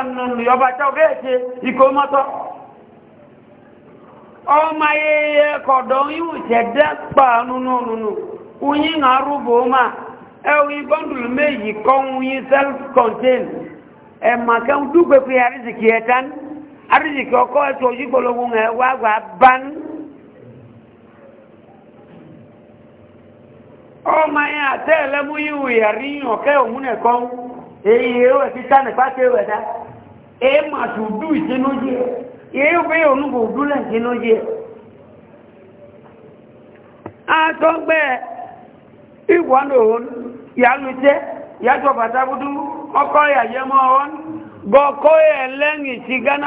nínú ẹ̀wọ̀n ìbọ́ndùlù méjì kọ́hún yín self-contained ẹ̀mà kẹ́hún dúpẹ́ pé àríṣìkì ẹ̀tán àríṣìkì ọkọ́ ẹ̀tọ́ ojúgbòlówó ẹ̀ wá wà bán. ọmọ yẹn àtẹ́ ẹlẹ́mú yíwò ìyàrí ọ̀kẹ́ òun ẹ̀kọ́ èyí ẹ̀rọ ẹ̀ ti tán nípa ṣe wẹ̀dá èyí mà tún dú ìṣínú yẹ èyí ó bẹ́ẹ̀ òun ìwà n'òhun yàlùtẹ́ yàtọ̀ bàtàbùdú a yàyẹ́ mọ́ ọ́n gọ́kọ́ yẹ lẹ́yìn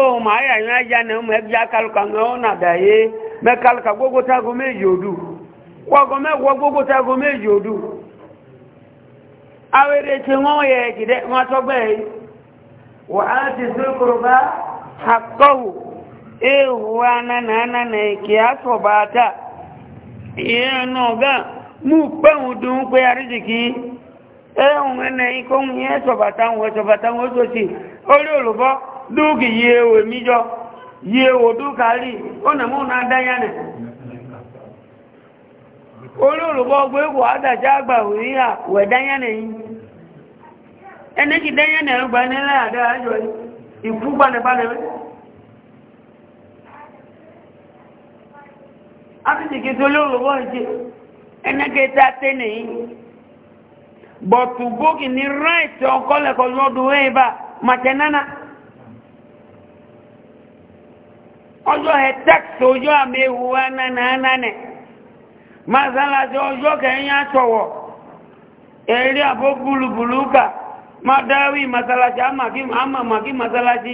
ohun máa yà yán ajá ní ọmọ ẹbí akálùkà ọ̀hún àdáyé mẹ́kálùkà gbogbo tágo méjì òdù wọ́gọ́ mẹ́wọ́ gbogbo tágo méjì òdù awẹ́rẹ́ tí wọ́n yẹ kìdẹ́ wọ́n tọ́gbẹ́ mú pẹ́hùn dùn pé àríjìkí ẹ̀hùn ẹ̀nà ikóhun yẹn sọ̀bàtàwọn ẹ̀sọ̀bàtàwọn oṣooṣì orí olùbọ́ dúkì yí ewò míjọ yí ewò dúkàrí ó nà mú náà dáyánà orí olùbọ́ gbégbò àdàjá àgbà òríyà wẹ̀ dáyánà yìí ẹnẹ́kì dáyánà ẹgbà nílẹ̀ àdáyájọ ìfú gbanẹ̀gbanẹ̀ Àti ìkètò olóòrùn bọ́ ìjẹ́ ẹnẹ́gẹ́ tá a tẹ́ nìyí bọ̀tù gbógi ní ráìtì ọkọ́lẹ̀kọ́ lọ́dún wẹ́ẹ̀ bá màtẹ́ nánà ọjọ́ ẹ̀ tẹ́kìtì ọjọ́ àmì ewu wa nánà nánà masalasi ọjọ́ kẹ́yìn àtọ̀wọ̀ eré àbó búlùbúlù kà madawi masalasi amaki ama maki masalasi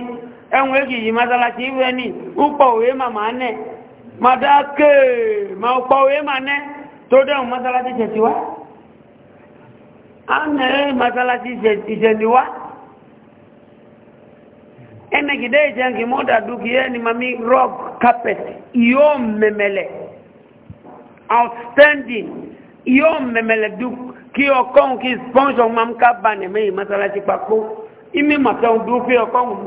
ẹ̀wọ̀n èkì yìí masalasi ìwé ni pọ̀ òwe màmá nẹ̀ madake ma pọ̀ òwe màmá nẹ̀ tó dẹ́hùn mọ́sálásí ṣe ti wá a ń rẹ̀ mọ́sálásí ṣe ti wá ẹnẹ̀gidẹ́ ìṣẹ́nkì mọ́dà dúkìá ni mami rock carpet yóò mẹ́mẹ́lẹ̀ outstanding yóò mẹ́mẹ́lẹ̀ kí ọkọ̀hún kí sponsor máa ń ká bá nẹ̀mẹ́yìn mọ́sálásí papọ̀ imi màtẹ́hùn dúkìá ọkọ̀hún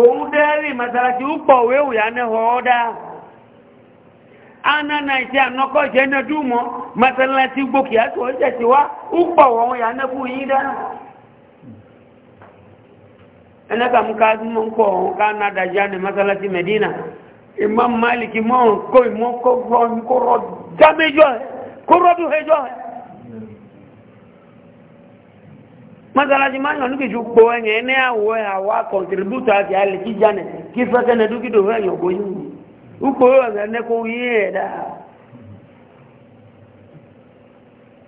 òun dẹ́rì mọ́sálásí ó pọ̀ wéwù yá náà ọ̀ọ́dáa anana ìṣe ànọ́kọ́ ìṣe ní ọdún mọ́ masalasi gbòkè àti ọjọ́ ti wá ń pọ̀ wọ́n yà nẹ́kù yín dáná ẹnẹ́kàmú ká mọ́ ń pọ̀ ọ̀hún ká ná dájá ní masalasi medina imam maliki mọ́ ń kó ìmọ́ kó rọ dámẹ́jọ́ ẹ̀ kó rọ́dún ẹjọ́ ẹ̀ masalasi máa yàn níbi ìṣùpò ẹ̀yẹn ní àwọ̀ àwa kọ̀ntribútà àti alẹ́ kíjà ní kí fẹ́kẹ́ nẹ́dúkìdò fẹ́ yàn kó yín ukporo ọ̀gá nẹ́kọ́ yí ẹ̀dá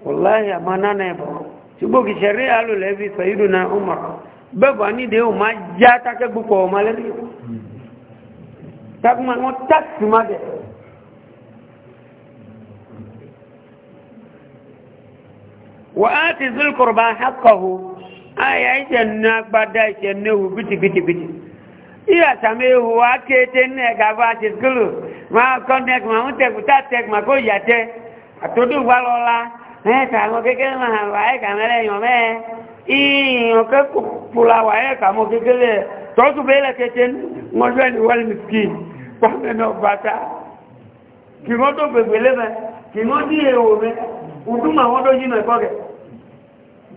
wọláyé àmà nánà ẹ̀bọ̀ ṣùgbọ́n kì ṣẹ̀rí alùlẹ̀ fi fẹ̀yìdù na ọmọ bẹ́bà nídé o máa já tákẹ́ gbùkọ̀ ọmọ lẹ́bí takuma wọn táàkì má dẹ̀ wà á ti zulkùrùbá hákọ̀ọ́ ayé ìṣẹ̀ nínú agbádá ìṣẹ̀ nínú bìtìbìtìbìtì iya same huwa ke te ne ga ba ti skulu ma connect ma unte ku ta tek ma ko ya te atodu wa lola eh ta mo ke ma wa e ka yo me i o ke ku pula wa e ka mo ke ke le to tu be le ke ten mo je ni wal miskin pa me no bata ki mo to be be le me ki mo di e o me udu ma wo ji no ko ke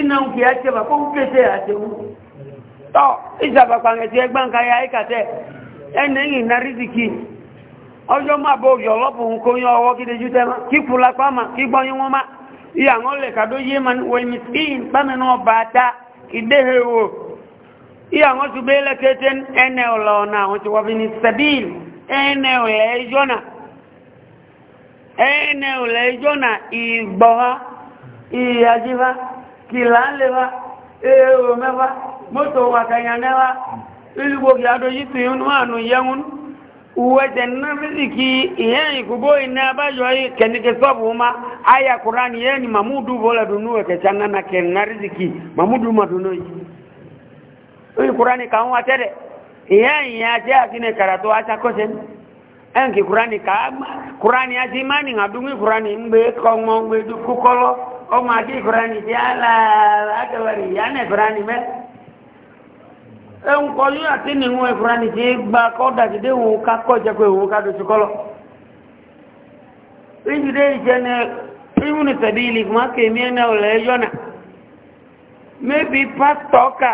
iná ń fi àti ẹ̀bà kó ń tọ́ ya ìkàtẹ́ ẹni ẹ̀yìn náà rìsìkì ọjọ́ máa bọ̀ òyọ̀ lọ́pọ̀ ń kóyán ọwọ́ kídejú tẹ́má kí fúlapá mà kí wọn má wọn lè kàdó yé ma wẹ̀mí sí ìpámẹ́nà ọba wo wọn tún bẹ́ẹ̀ lẹ́kẹ́tẹ́ ọ̀nà àwọn ti kìlà ńlẹ̀ wa èrò mẹ́fà mọ́tò wàkànyà mẹ́fà lílùgbò kì á dojú tì ń wà nù yẹun wẹ̀tẹ̀ nọ́fíìsì kí ìyẹn ìkúgbó iná abájọ yìí kẹ̀nìkẹ́ sọ́ọ̀bù ma àyà kura ni yẹn ni mamudu bọ́lá dunu wẹ̀kẹ̀ tí a nana kẹ̀ nárìsì kì mamudu ma dunu yìí. oye kura ni kàn wá tẹ́ dẹ̀ ìyẹn ìyẹn àti àkínní karató aṣakọ́sẹ́ ẹn kì kura ni kà á ni àti má ni ŋàdúgbò ni ń gbé kọ́ gbé kúkọ́ ọmọ akí kurani tí a la akẹwàrí yà ní kurani mẹ ẹnkọ yóò àti nínú ẹ kurani tí gba kọdà tí déwò kakọ jẹkọ èwò kadò sí kọlọ ìjìdé ìjẹnẹ ìwúni sẹbi ìlì fún akẹmí ẹnẹ ọlẹ yọnà mẹbi pásítọ ká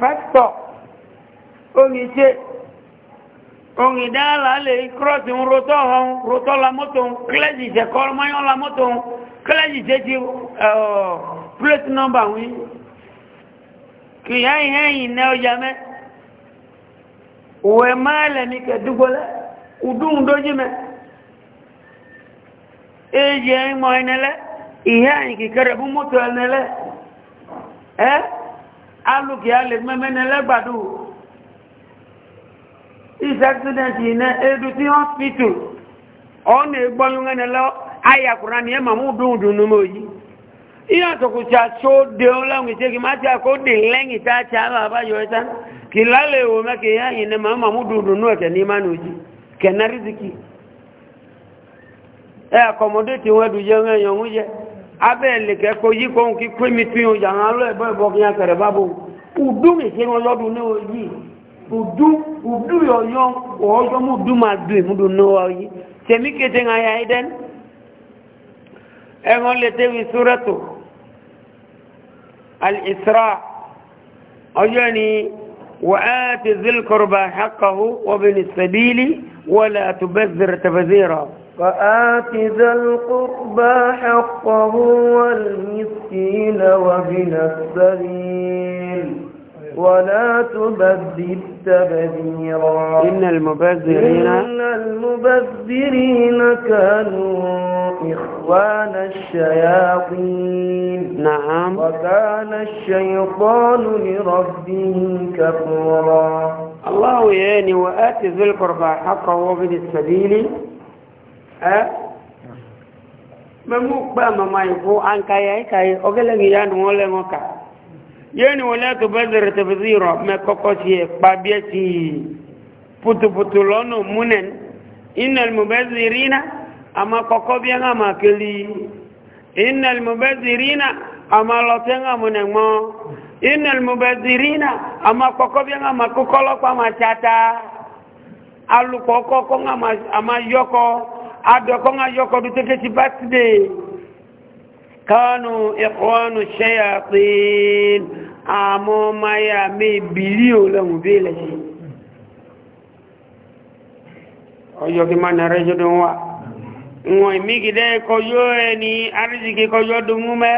pásítọ oyin ṣe òun ìdáàlà lè kírọ́sì ń rotọ́ ọ̀hún rotọ́ la mọ́tò ń kílẹ̀jì jẹ́ kọ́lọ́mọ́yán la mọ́tò ń kílẹ̀jì jẹ́ ti plate number wí kìyà ìhẹ́yìn ní ọjà mẹ́ òwe máa lẹ̀ ní kẹ̀dúgbọ́lẹ́ ùdúhùn dójú mẹ́ èyí ẹ̀yìn mọ́ ẹnẹlẹ́ ìhẹ́yìn kìkẹrẹ̀ fún mọ́tò ẹnẹlẹ́ ẹ́ alùkìyà lè mẹ́mẹ́nẹlẹ́ gbàdúrù is accident yìí náà edu ti hospital ọ̀nà ìgbọ́yún ẹni lọ ayàkùnrin ni ẹ màmú dùndùn ní mo yìí ìyàtọ̀kù tí a tó dé ọlọ́run ìṣe kí má tí a kó dé lẹ́yìn tá a ti àwọn àbáyọ ẹ̀ta kì lálẹ́ ìwò mẹ́kẹ̀ yá yìí ní màmú dùndùn ní ẹ̀kẹ́ ní mánu yìí kẹ̀nà rìsíkì ẹ àkọmọdé tí wọ́n dùn jẹun ẹ̀yàn ń jẹ abẹ́ ẹ̀lẹ́kẹ́ kó yí kóhun kí pé mi tún yàn án lọ́ ẹ̀bọ́ ìbọ̀kìyàn kẹrẹ̀ bábo ùdúmì ṣe wọn lọ́dún ní òyìn udu udu yoyo ojo mu du ma du mu du no wa yi temi ke te ngaya iden e ngon le te wi suratu al isra ojo ni wa ati dhil qurba haqqahu wa bin as-sabili wa la tubadhir tabdhira وآت ذا القربى حقه والمسكين وابن السبيل ولا تبذر تبذيرا إن المبذرين إن المبذرين كانوا إخوان الشياطين نعم وكان الشيطان لربه كفورا الله يعني وآت ذي القربى حقه من السبيل أه مموك بما ما يفو عنك يا إيكا أغلق يانو ولنوكا yẹni wọn lẹ́tọ̀ bẹ́sẹ̀rẹ̀ tẹ̀fẹ̀sí rọ̀ mẹ́ kọ́kọ́ sí ẹ̀ pàbíẹ́ sí pùtùpùtù lọ́nà múnẹ̀ inalmu bẹ́sẹ̀ rína a ma kọ́kọ́ bí ẹ̀ngà máa kiri inalmu bẹ́sẹ̀ rína a ma lọ́tẹ́ ẹ̀ngà múnẹ̀ mọ́ inalmu bẹ́sẹ̀ rína a ma kọ́kọ́ bí ẹ̀ngà máa kọ́kọ́ lọ́pàá máa tata alùpọ̀ kọ́kọ́ a ma yọkọ́ adọ̀kọ́ ń yọkọ́ dùtẹ́kẹ́ ti bá ti dé. kanu ikwanu shayatin amo maya mi bilio la mbele si oyo ki mana rejo do wa ngoy mi gi de ko yoe ni arji ki ko yodu mume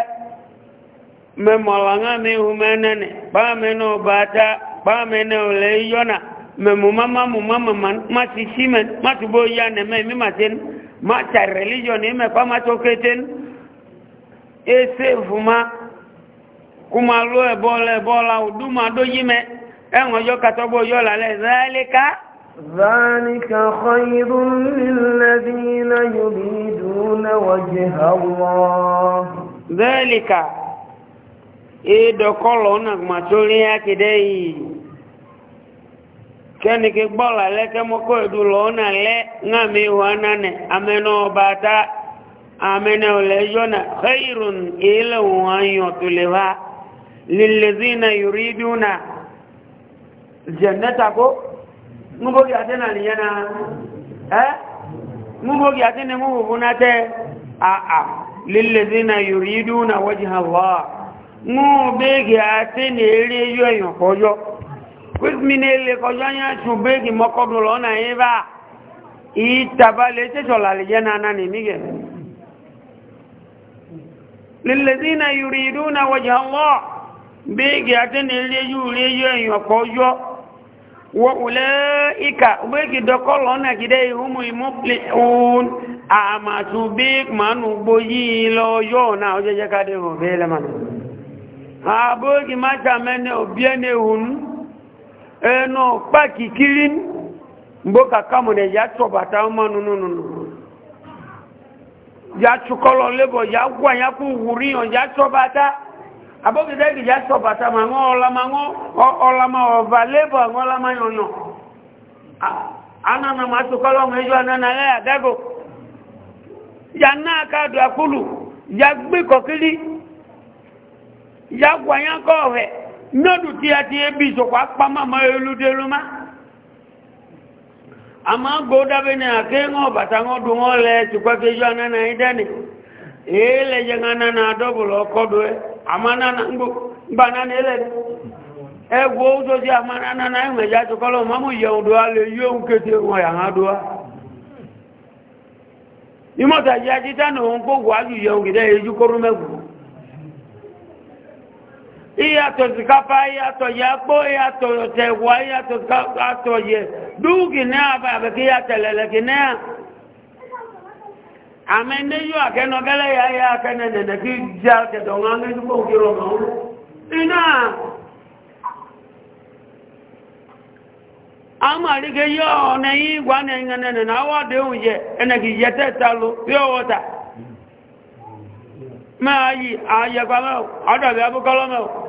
me malanga ne humene ne ba me no bata ba me ne le yona me mu mama mu mama man ma si si men ma tu bo yane me mi ma tin ma ta religion ni me pa ma to keten ese vuma kuma lo ẹbọ lọ ẹbọ la ọdúnmà dójí mẹ ẹwọn yọ katọgbọ yọ lálẹ zálẹka. zálẹka xọyìrú nílẹ̀bí iná yorì dùnà wọ́jẹ̀ hàwọ́. zálẹka ìdọ̀kọlọ̀ ọ̀nàgbọ̀n àtúrí akéde yìí kẹ́nìkì gbọ́ lálẹ́ kẹ́mọ́kọ́ ìdúró ọ̀nà lẹ́ ńàmì nánẹ̀ amẹ́nà ọba amene ole yona khairun ila wanyo tulewa lilladhina yuriduna jannata ko ngubo ya tena liyana eh ngubo ya tena ngubo bunate a a lilladhina yuriduna wajha Allah ngube ya tena ile yoyo koyo kwizmine ile koyo nya chubegi mokodulo na eba itabale chechola liyana nani mige lèlèdínà yùrìdúnà wàjá lọ́ bí i àtẹ́nà iléyú iléyú èyàn kọ́ yọ́ wọ ulẹ́ ìkà wéèkì dọ́kọ́ lọ́nà kìdẹ́ ìhúmù ìmọ́pìlẹ̀ òun àmàtù bí màánù gboyí lọ yọ́ náà ó jẹ́jẹ́ káde hàn bẹ́ẹ̀ ya chukọlọ lebo ya gwa ya ya sọ bàtà ya sọ ma mà ọlama ńọ́ ọlama ọ̀và lebo àwọn ọlama anana ma chukọlọ ń ẹjọ́ anana ẹ̀ àdágò ya náà káàdù ya gbé kọ̀kiri ya gwa ya kọ̀ ma ama gboda bene akengo batango dungo le chukwa kejo nana idani ele jengana na dobulo kodwe amana nangu banana ele egwo uzo ji amana nana me ja chukolo mamu ye udwa le ye ukete wo ya ngadwa imota ya jitano ngo gwa ju ye ngide eju korume gwo ìyàtọ̀ sìkápá ìyàtọ̀ yàgbó ìyàtọ̀ ọ̀tẹ̀wà ìyàtọ̀ àtọ̀ yẹ dúkì náà àbàbẹ̀ kí ya lẹ̀lẹ̀kì náà àmì ní yóò àkẹ́nọ̀gẹ́lẹ̀ yà yà àkẹ́nẹ̀ nẹ̀nẹ̀ kí já kẹtọ̀ wọn lẹ́dúkọ̀ òkè rọ̀mọ̀ ọ̀rọ̀ iná àmà àríkẹ́ yọ ọ̀nà yìí wà ní ẹ̀yẹnẹ̀ náà wọ́dẹ̀ òun yẹ ẹnẹ̀kì yẹ tẹ́ta lo pure water máa yìí àyẹ̀pamẹ́ ọ̀dọ̀bẹ̀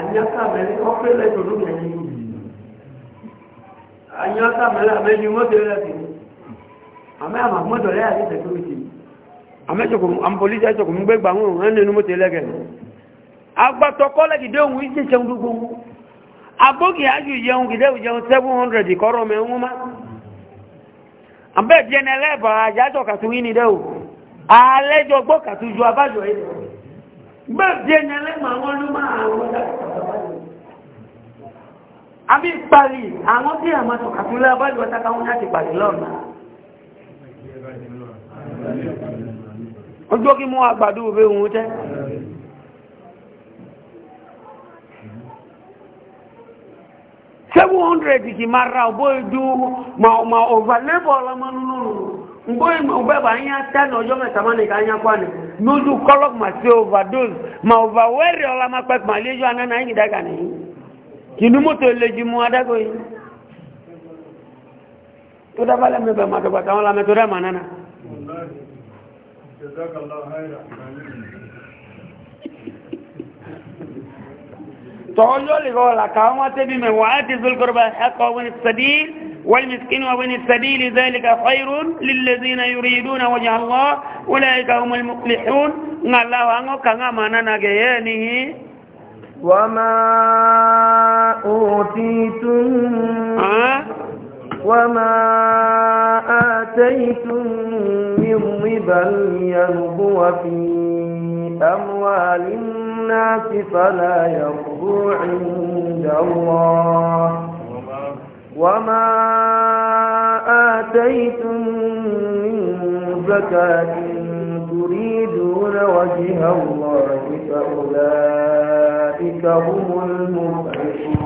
anyákàmẹ́lẹ́ ọ́fẹ́lẹ́ tó lókè ní anyákàmẹ́lẹ́ amẹ́jú mọ́tẹ́lẹ́ ti amẹ́ àmàmọ́dọ̀lẹ́ àti security amẹ́sọ̀kùn àmpọ̀lísì àṣọkùn gbẹ́gbà wọn hàn nínú mọ́tẹ́lẹ́gẹ̀ agbátọkọ́lẹ̀ kìdé òun ìṣẹ́ṣẹ́ gbogbo gbẹ́bí ẹ̀yẹ lẹ́mọ̀ àwọn ọlọ́mọ àwọn ọ̀dá àbí parí àwọn tí a máa tọ̀kà fún lábájú ọ̀tákà wọn láti parí lọ́nà ojú kí mú àgbàdo òfé òun tẹ́ seven hundred kì máa ra ọ̀bọ̀ ìdú ma ọ̀fà lẹ́bọ̀ ọlọ́mọ nínú ngóyè mọ̀ gbẹ́bà ń yá tẹ́nu ọjọ́ mẹ́ta máa nìkan yá kó àná lójú kọ́lọ́ mà sí overdose mà overwhelmed ọ̀la máa pẹ́ pàlẹ́ ẹjọ́ aná náà yìí dàgà nìyí kìnnú mọ́tò lẹ́jú mu adágò yìí tó dábàá lẹ́mí bẹ̀ mà dọ̀gbàtà wọn lamẹ́ tó dẹ́ mà nánà. tọ́jọ́ lè kọ́ ọ̀la tẹ́bi mẹ́ wàá ti zolukọ́rọ̀ bá ẹ̀kọ́ wọn sẹ́dí. والمسكين وابن السبيل ذلك خير للذين يريدون وجه الله أولئك هم المفلحون الله ان كان مانانا وما أوتيتم وما آتيتم من ربا ينبو في أموال الناس فلا يربو عند الله وما آتيتم من زكاة تريدون وجه الله فأولئك هم المفلحون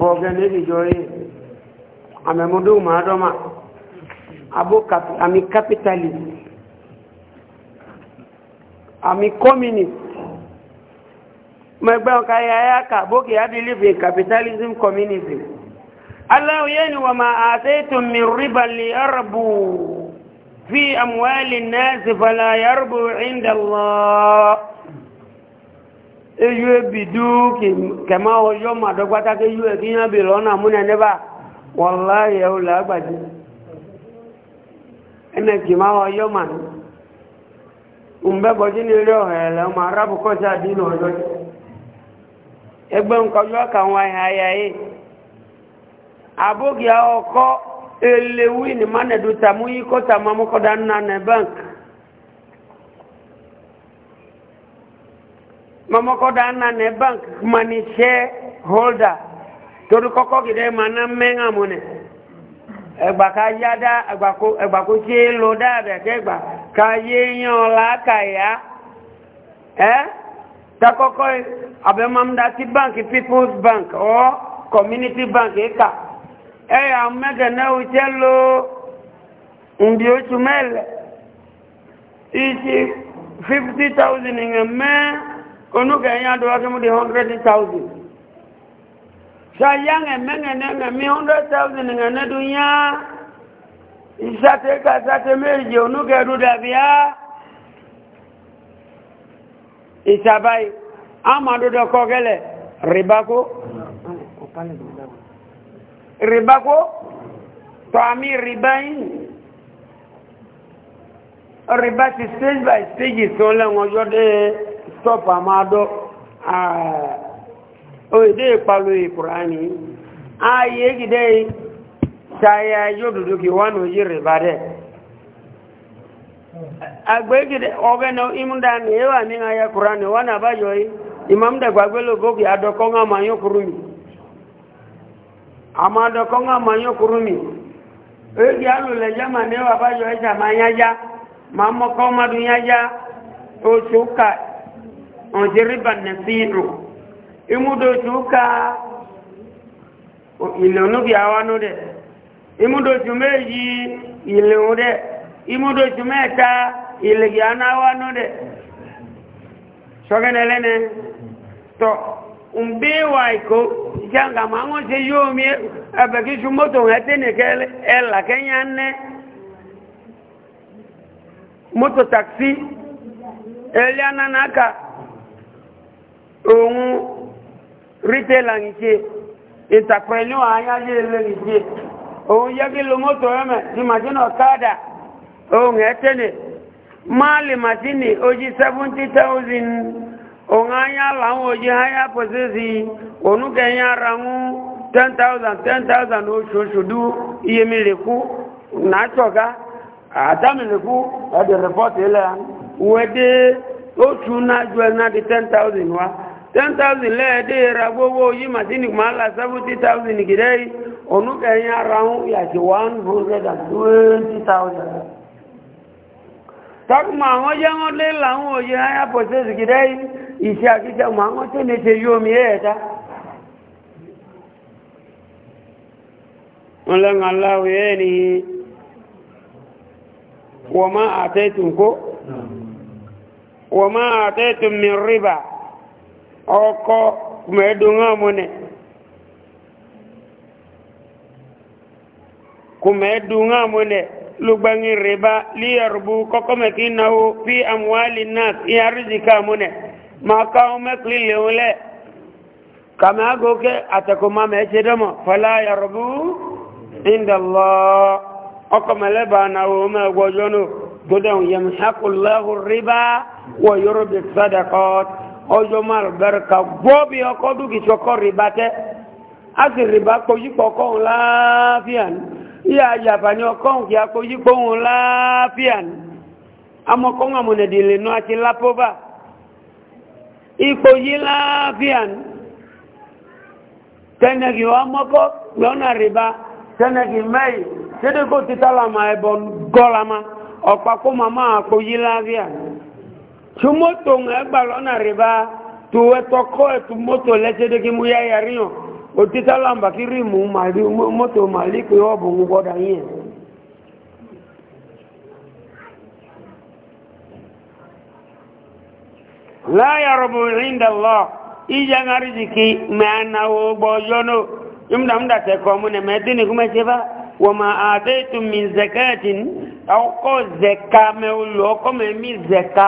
bọ́gẹ́lé ìjọ yìí àmẹ́mọ́dó màádọ́mà àmì capitalist àmì communist magbao kaya yaka boki hadi live in capitalism communism Allah yani wa ma ataitum min riba liyarbu fi amwali an-nas fala yarbu 'inda Allah eyo bidu kama oyo madogbata ke yo kiyan bi lona muna neba wallahi o la gbaji ene kima oyo man umbe bojini lo hele ma rabu ko sa dinu oyo ẹgbẹ́ nǹkan ka kà wọn àyà yìí àbókì ọkọ́ elewí ní mánẹ̀dù tàmú yí kọ́ bank mọ́mọ́kọ́dá nínú bank mani share holder torí kọ́kọ́ ma maná mẹ́ngà múnẹ̀ ẹgbà ká yá dá ẹgbà kó ṣe é lo dáadẹ̀ kẹgbà ká yé ẹ́ eh? Takoko, takọ́kọ́ abẹ́mọ́mdá sí bank, people's bank or community bank Eka, ẹ̀ka ẹ̀yà mẹ́gẹ̀ẹ́nẹ́ òṣẹ́ lo ǹdí oṣù mẹ́lẹ̀ ìṣe 50,000 ìyẹn mẹ́ onúkẹ̀ẹ́yà dọ́wọ́kẹ́mọ́dé 100,000 ṣayá ẹ̀mẹ́gẹ̀ẹ́nẹ́mí 100,000 ìyẹn nẹ́dúnyá ìṣàtẹ́kà sátẹ́mẹ́rìjì onúkẹ̀ẹ́dú dàbíyá ìṣàbáyé amàdúdọ̀ kọ́gẹ́lẹ̀ ribako rìbákó tọ́ àmì rìbáyìn rìbá ti stage by stage tó lẹ́wọ̀n ọjọ́ dé stop àmàdọ́ òyìnbó ìpàlò ìkùránì ààyè gidẹ́ ṣayẹ yóò dúdú kí wọ́n ní ojú rìbá agbegide ogeno imdani ewani ngaya kurani wana bajoi imamde kwagwelo gogi adokonga manyo kurumi ama adokonga manyo kurumi egi alule jamani ewa bajoi jamanyaja mamoko madunyaja ochuka ojiriba nesiru imudo ochuka ilonubi awanude imudo ochumeji ilonude imudo jumeta iligiana wanode sogene lene to umbe waiko janga mango se yomi abeki jumoto hetene kele ela kenyane moto taxi eliana naka ohun retailer nje entrepreneur anya je le nje ohun yegi lo moto eme di machine okada ohun ẹ̀tẹ́lẹ̀ máàlì màtínì ojí 70,000 ohun anya láwọn ojí haya pọ̀sẹ́sì onúkẹ̀yìn ara mú 10,000 10,000 oṣooṣù dú iye mìlẹ̀kú nàátọ̀ká àtàmìlẹ̀kú ẹ̀dẹ̀ rẹ̀pọ̀tì ilẹ̀ wẹ́dẹ́ oṣù náà ju ẹ̀ná di 10,000 wa 10,000 lẹ́ẹ̀dẹ́ ra gbogbo ojí màtínì máàlà 70,000 gidẹ́yì onúkẹ̀yìn ara mú yàtì 120,000 takuma àwọn jẹ́ wọ́n lé làwọn òye ayá pọ̀tẹ́sì kìdẹ́ ìṣẹ́ àkíjẹ́ mọ̀ àwọn tó ní ṣe yóò mi ẹ̀ẹ́ta wọ́n lẹ́nu aláwọ̀ yẹ́ ni wọ́n máa àtẹ́tùn kó wọ́n máa àtẹ́tùn mi rìbà ọkọ̀ kùmẹ̀ẹ́dùnrán mọ́nẹ̀ kùmẹ̀ẹ́dùnrán mọ́nẹ̀ lugbangi riba liyarbu kokomeki nawo fi amwali nas iya rizika mune ma kawo mekli leole kama agoke atakuma meche domo fala yarbu inda allah okomele ba nawo me gwojono godan yamhaqullahu riba wa yurbi sadaqat ojo mal barka gobi okodu kisoko ribate asi riba koyi kokon lafiyan iya yàbàní ọkọ̀hùn kí akóyí gbóhùn láàáfíà ní amọ́kọ́hùn àmọ̀nẹ̀dìlẹ̀ náà àti lápọ́bà ìkòyí láàáfíà ní tẹ́nẹ̀kì ọmọkọ́ lọ́nà rìbá tẹ́nẹ̀kì mẹ́yì tẹ́dẹ́kò títàlàmà ẹ̀bọ̀ gọ́lama ọ̀pàkó màmá àkóyí láàáfíà tí mọ́tò ń ẹgbà òtítà làǹbà kí rímù màrí mọ́tò màrí pé ọ̀bùn gbọ́dà yìí láyà rọ̀bù ríndà lọ ìyá ńárí jìkì mẹ́ànà ogbọ̀ yọ́nà ìmúdàmúdà tẹ̀kọ́ múnẹ̀ mẹ́dínì kúmẹ́sẹ́ bá wọ́n ma àdéhùn mi zẹ̀kẹ́ẹ̀tì ọkọ̀ zẹ̀ka mẹ́olù ọkọ̀ mẹ́mí zẹ̀ka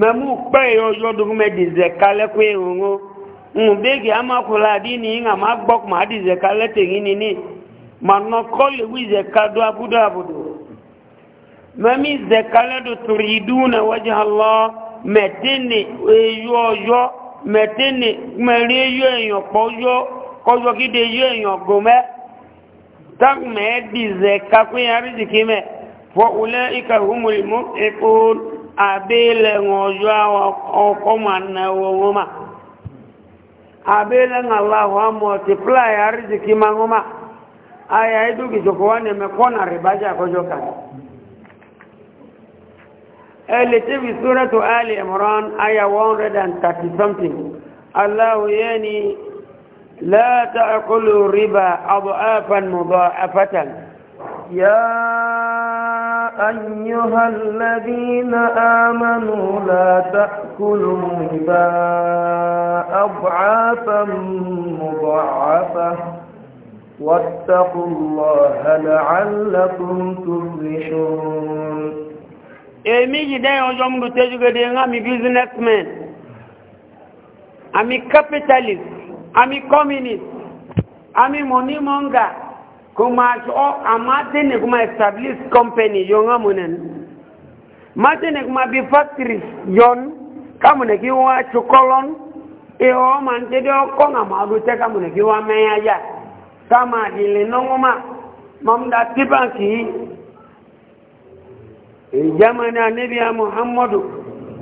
mẹ́mú pẹ́ yọ yọ́dún mẹ́dì zẹ̀ka lẹ́kọ́ nbegi amakwụla dị na ịṅa ma agbọk ma adịze ka leteghị nini ma nọkọ lewu zeka do abudo abudo mami zeka ledo tụrụ idu na waje alọ metene eyo ọyọ metene mere eyo enyo kpọyọ kọyọ gide eyo enyo gome tak ma edi zeka kwenye ariziki me fọ ule ika humul mu ekun abele ọjọ ọkọ ma na ọwọ ma abelan Allah wa multiply arziki mangoma aya hidu kichokowane mekona ribaja kojoka eletivi suratu ali imran aya 130 something Allah yani la ta'kulu riba adhafan mudha'afatan يا أيها الذين آمنوا لا تأكلوا الربا أضعافا مضاعفة واتقوا الله لعلكم تفلحون èmi yìí dẹ́yìn ọjọ́ mú tẹ́júgẹ́dẹ́ ń àmì businessman àmì capitalist àmì communist àmì money kuma o amate ne kuma establish company yon amunen mate ne kuma bi factories yon kamune ki wa chukolon e o man te do ko na magu te kamune ki wa me ya kama ile nongoma mamda tibanki e jamana nabi muhammadu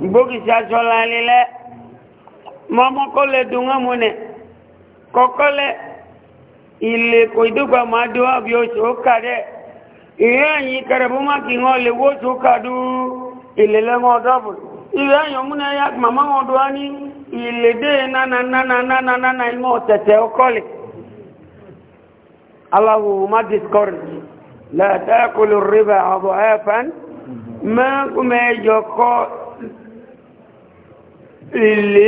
ibogi cha jolalile momo kole dunga mune le ilé kò ìdúgba máa dó àbí oṣù ká dẹ̀ ìrẹ́ àyìn kẹrẹ̀bú má kì wọ́n lè wó oṣù ká dú ilé lẹ́wọ́n ọdọ́bù ìrẹ́ àyàn múná ya màmá wọn dọ́ ní ilé dé nánà nánà nánà nánà ìmọ̀ tẹ̀tẹ̀ ọkọ̀lẹ̀ aláwo má discourage látàkùlù rìbà ọ̀bọ̀ ẹ̀fán mẹ́kùnmẹ́jọ kọ́ ilé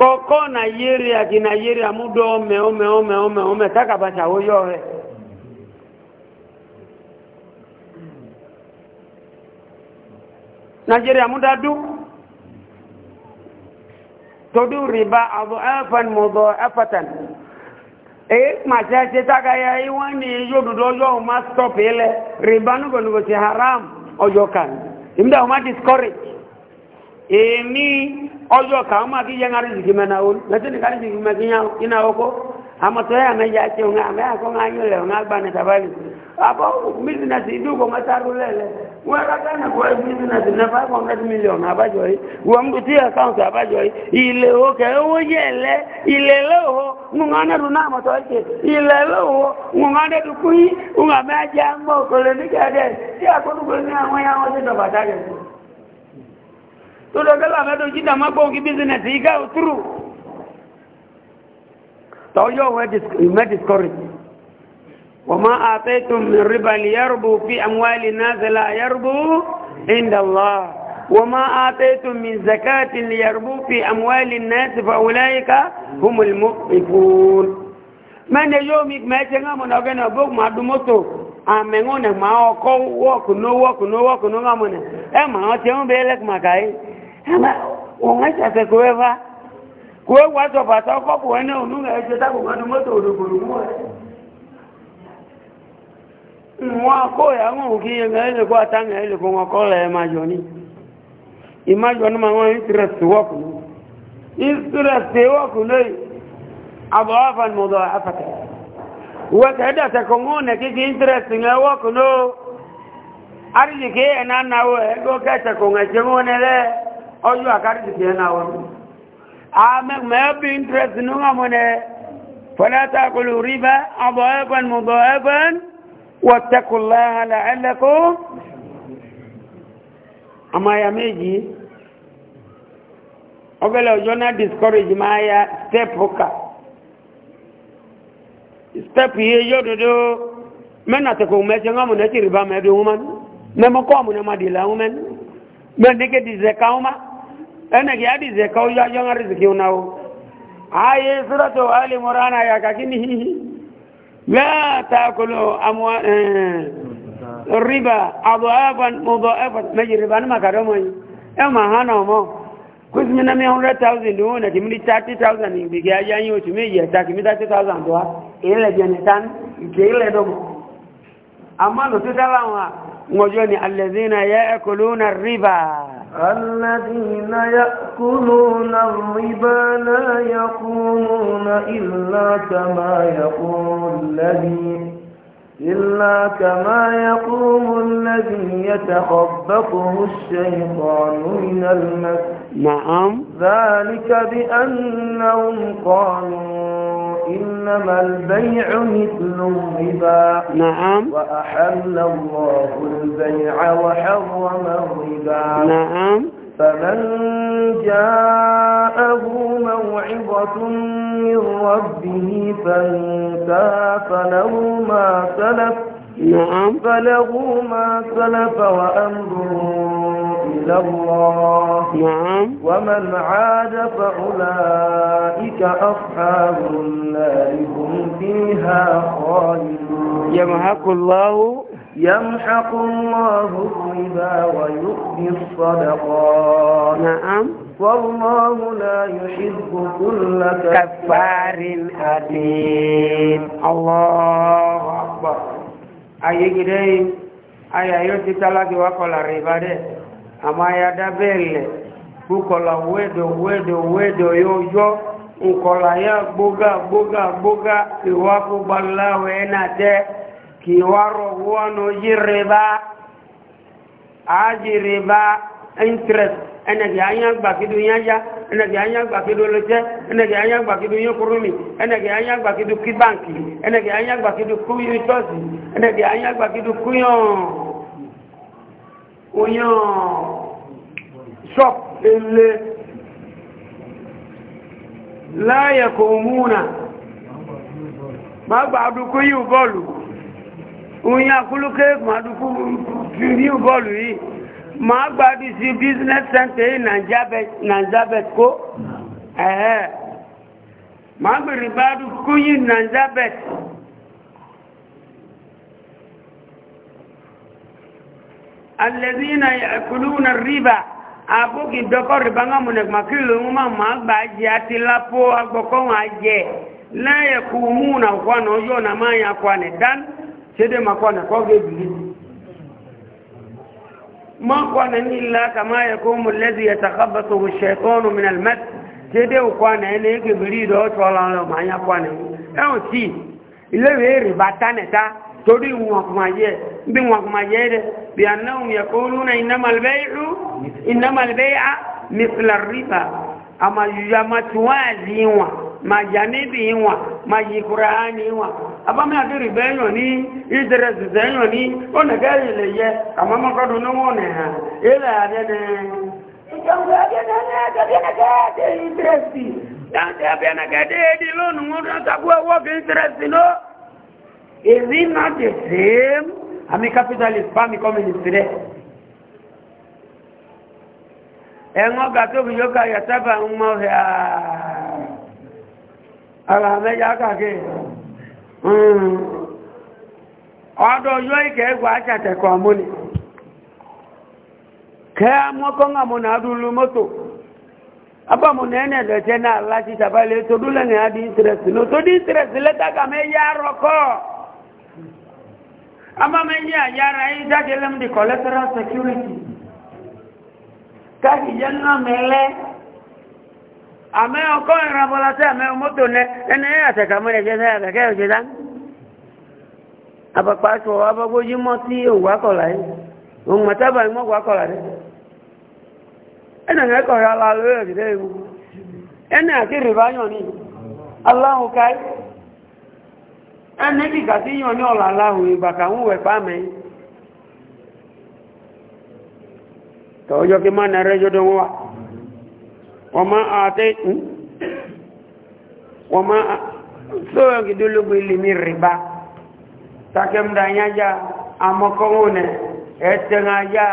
kọ́kọ́ nàìjíríà kì nàìjíríà mú dọ́ ọmẹ ọmẹ ọmẹ ọmẹ ọmẹ tákàbàṣà ó yọ rẹ̀ nàìjíríà mú dádú tọdú rìbá àbọ̀ ẹ́fàn mọ̀bọ̀ ẹ́fàtàn èyí pàṣẹ ṣe tákàyà ìwọ́n ni yóò dúdú ọjọ́ ọmọ stop ilẹ̀ rìbá nùgbọ̀nùgbọ̀ ti haram ọjọ́ kan ìmúdà ọmọ discourage èmi ọjọ́ kàwọn máa kí yẹn arìsìkì mẹ́na ó lẹ́tí ní kárìsìkì mẹ́ kí iná ọkọ́ àmọ́tọ́ yà mẹ́jà tí òun àmẹ́ àkọ́nà ayọ́lẹ̀ òun àgbà ní tàbáyì àbọ̀ wọ́n rákà náà kọ́ bísínẹ̀sì ní five hundred million yìí wọ́n mú tí àkáǹtì yìí ilé yẹ lẹ́ ilé náà ń nígbà tí ní tudogala amedo jida mako ki business iga through tawyo we dis me discourage wama ataytum min riba liyarbu fi amwali nas la yarbu inda Allah wama ataytum min zakati liyarbu fi amwali nas fa ulaika humul muflihun mene yomi meche ngamo na gena bog madumoto amengone ma oko work no work no work no ngamone e ama onwe cha se kweva kwe wa to pa to ko kwe na unu e je ta ko ndu mo to ru ru mo mo ko ya mo ki ye na ye ko ta na ye ko mo ko le ma jo ni i ma jo ma wa itra su wa ku i tra se wa ku le abafan mudha'afatan wa kada ta ko ne ki interesting e wa ku no ari ke na na wo e go ka ta ko ne je mo ne le ọjọ́ àkáríjìkì ẹ̀nà wọn mẹ́bí interest ní wọ́n mọ́ ní fọ́látàkùlù rí bá ọbọ̀ ẹgbẹ̀n mọ̀bọ̀ ẹgbẹ̀n wọ́tẹ́kùlá aláẹ́lẹ́kọ́ àmàyà méjì ọgbẹ̀lẹ̀ ọjọ́ náà discourage máa ya step hooker step yìí yóò dodo mẹ́nà tẹ̀kọ̀ mẹ́sẹ̀ wọ́n mọ̀ ní ẹ̀kì rí bá mẹ́bí wọn mẹ́mọ́kọ́ mọ̀ ní ọmọdé làwọn mẹ́nu mẹ́ndékè dìzẹ̀ káwọn máa ẹnẹ̀kì àdìsẹ̀ kọ́ yọ́ rìsìkì náà ayé sọ́rọ̀tọ̀ ali mọ́ránà eh, ya kàkí ní hìhì látàkùlù ríbà àbọ̀ ẹfọ̀t méjì ríbà ní màkàdọ́mọ̀ yìí ẹ ma hàn náà mọ́ kùsùmí na mi 100,000 lówó nà kìmí 30,000 ìgbègì ayá yín oṣù ya taki kìmí 30,000 thousand ilẹ̀ jẹni tán tan ilẹ̀ dọ́gbọ̀ àmọ́ lòtítà láwọn wa ngojoni alẹ́zínà yẹ ẹkùlù na ríbà الذين يأكلون الربا لا يقومون إلا كما يقوم الذي إلا كما يقوم الذي يتخبطه الشيطان من المس نعم ذلك بأنهم قالوا إنما البيع مثل الربا نعم وأحل الله البيع وحرم الربا نعم فمن جاءه موعظة من ربه فانتهى فله ما سلف نعم فله ما سلف وأمره إلى الله نعم ومن عاد فأولئك أصحاب النار هم فيها خالدون يمحق الله يمحق الله الربا ويؤتي الصدقات نعم والله لا يحب كل كفار أثيم الله أكبر أي أي أيوتي تلاقي وقل الربا ده àmàyàdá bẹ́ẹ̀ lẹ̀ kúkọlà wẹ́dọ̀ wẹ́dọ̀ wẹ́dọ̀ yóò yọ́ nkọlà yá gbógá gbógá gbógá ìwà gbogbo aláwẹ̀ ẹ̀nà tẹ́ kì í wá rọ̀ wọ́nù yíre bá àájìrì bá interest ẹnẹ̀gì anya gbàkidu yájá ẹnẹ̀gì anya gbàkidu lọ́tẹ́ ẹnẹ̀gì anya gbàkidu yókùrùmì ẹnẹ̀gì anya gbàkidu kí báńkì ẹnẹ̀gì anya gbàkidu kúyún tọ́sì ẹnẹ̀gì anya gbàkidu kúyún oyan shop ele láyẹ̀ kò múnà ma gba àdúkú yíò bọ́ọ̀lù oyan akúlùkẹ́ ma yíò bọ́ọ̀lù yìí ma gba sí business center yìí nanjabet kó ẹ̀ẹ́ ma gbèrè bá dúkú yìí alẹ́zínà ìkùlùnà rìbà àbókì dọ́kọ̀ rìbá ń mọ̀ nẹ̀kùnmá kí ló ń máa máa gbà á jẹ àti lápò agbọ̀kọ́wọ̀n àjẹ láyẹ̀ kú mú nà kwánà yóò nà máa yà kwánà dán ṣédé mà kwánà kọ́ gébìlì mọ́ kwánà ní ilá kàmá yẹ kó mú lẹ́zì yẹ tàkàbàtò ṣẹ̀tọ́nù mi nàlmẹ́t ṣédé ilé ìwé rìbá tánẹ̀ta torí wọn kuma yẹ bí wọn kuma yẹ dẹ bí anáwọn yẹ kó lónà ìnámàlbẹ́yìí ìnámàlbẹ́yìí á mísìlá rìbá àmàyùyà máa ti wá àzí wọn máa yà níbi wọn máa yí kura á ní wọn abámi àdúrà bẹ́ẹ̀yàn ní ìdẹrẹ zùzẹ́yàn ní ó nàgẹ́ ilẹ̀ yẹ Is it not the same? I mean, capitalist farm communist today. Ẹ̀wọ́n ga tó fi yóò káyà sábà ń mọ́ rẹ̀ ààrà mẹ́já kàkẹ́. Hmm. Ọdọ̀ yóò ìkẹ́ ẹgbà àṣàtẹ̀kọ̀ àmúni. Kẹ́ àmọ́kọ́ àmúnà adúlú mọ́tò. abamuna yana da jana Allah shi ta bale to dole ne ya di interest no to di interest le daga me ya roko ama menye ayara hii e that element the collateral security kaki jenna mele ame oko e rabola te ame moto ne ene ya te kamere je na ka ke je dan apa paso aba goji moti wa ko lai un e. mata ba mo wa ko lai ene ne ko ya la le de ene akiri ba yon ni allah kai ẹni kìkà tí yàn ní ọ̀là aláhùn ìbàkà ń wẹ̀ pàmẹ́ tọ́jọ́ kí máa nẹ̀rẹ́ jọ́dọ̀ wọ́n wá wọ́n máa àtẹ́ wọ́n máa sọ́yọ́ gidológun ilé mi rìbá takẹ́mdà yájá amọ́kọ́wọ́n ẹ̀tẹ́ ajá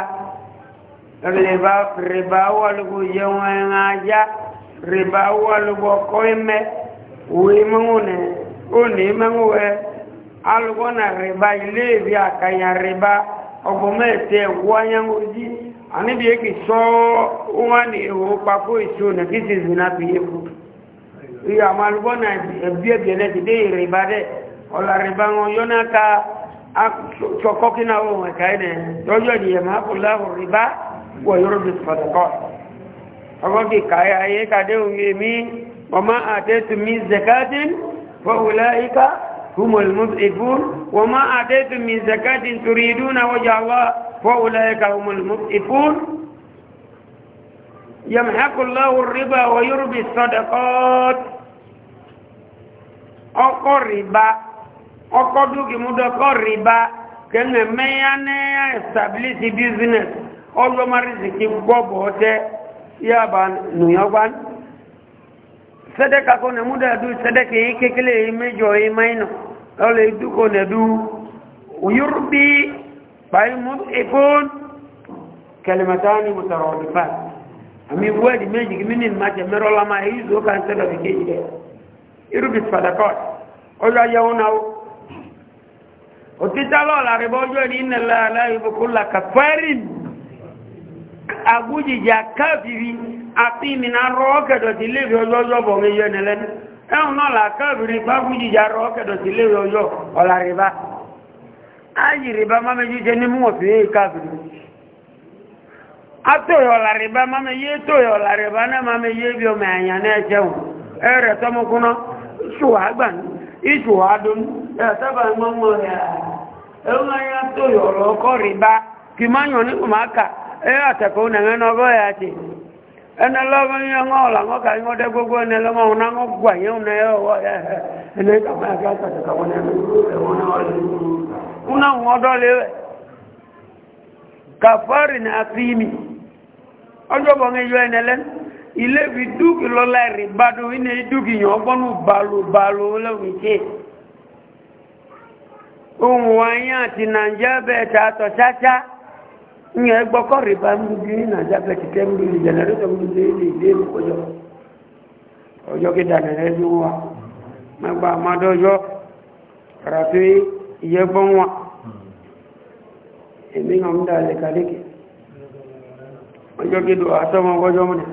rìbá wọ́lùgbò yẹ̀wọ̀n òní mẹ́wọ́ ẹ alùgbọ́nà rìbá ilé ìbí àkànyà rìbá ọgbọ̀mẹ́ẹ̀tẹ́ wọ́nyánwójí àníbi èkì sọ wọ́n ní ìhò papò ìṣò nà kí sì zùnà fi yé fún ìyá àwọn alùgbọ́nà ẹbí ẹbí ẹ̀ ti dé ìrìbá dẹ̀ ọ̀là rìbá wọn yọ náà ká sọkọ́kínà ohun ẹ̀ka ọgbọ́n kì káyà ayé kàdé òun yé mi ọmọ àtẹ́tùmí zẹ̀kátìn فأولئك هُمُ المضعفون وَمَا أعطيتم من زَكَاةٍ تريدون وجه الله فأولئك هم المضعفون يمحق الله الربا ويربي الصدقات ọkọ̀ rìbá ọkọ̀ dúkì múdọ̀kọ̀ rìbá kẹ́nà mẹ́yà náà establish business ọlọ́mọ̀rìsì kí gbọ́bọ̀ ọ̀tẹ́ yàbá sadaka ko ne muda du sadaka yi kekele yi mejo yi maino ole du ko ne du yurbi bay mudifun kalimatan mutaradifat ami wadi meji minin ma je mero la ma yi zo kan sada bi o titalo la rebo jo ni inna la la yubu agújìjà káàfìrí àti ìmìnà rọ́ọ̀kẹ̀dọ̀ sí léèrè ọjọ́ bọ̀ méjọ nílẹ́nu ẹ̀hùn náà là káàfìrí bá gújìjà rọ́ọ̀kẹ̀dọ̀ sí léèrè ọjọ́ ọ̀làrìbá ayìrìbá mámẹ́jú jẹ́ ní mọ̀fẹ́ káàfìrí atọ́yọ̀ ọ̀làrìbá mámẹ́yé tọ́yọ̀ ọ̀làrìbá náà mámẹ́yé bí ọmọ àyàn náà jẹun ẹ̀rẹ̀ tọmọkúná ṣùwà gbànú ìṣùwà dúnú ẹ̀sábà mọ́mọ́ rẹ̀ ẹ̀rọ ayá tọ́yọ̀ ọ̀lọ́kọ́ rìbá e atako na ngano go ya ti ana logo ni ngo la ngo ka ngo de gogo ne lo ngo na ngo gwa ye una yo wa ne ka ma ka ka ka wona wona una ngo do le kafari na afimi ojo bo nge yo ene len ile bi duki lo la riba do ine duki yo gbonu balu balu le wi ti ohun wa yan ti nàìjíríà bẹ̀ẹ̀ ta tọ̀ ṣáṣá nye gbɔkɔ riba ŋdidi na dzakɛ titɛ ŋdidi dzɛnɛrɛtɔ ŋdidi li li mi kɔdzɔ ɔdzɔ kita nɛnɛ bi wa magba amadɔ dzɔ rafi iye gbɔ wa emi ŋa ŋda le kaleke ɔdzɔ kita atɔmɔ gbɔdzɔ mu ne.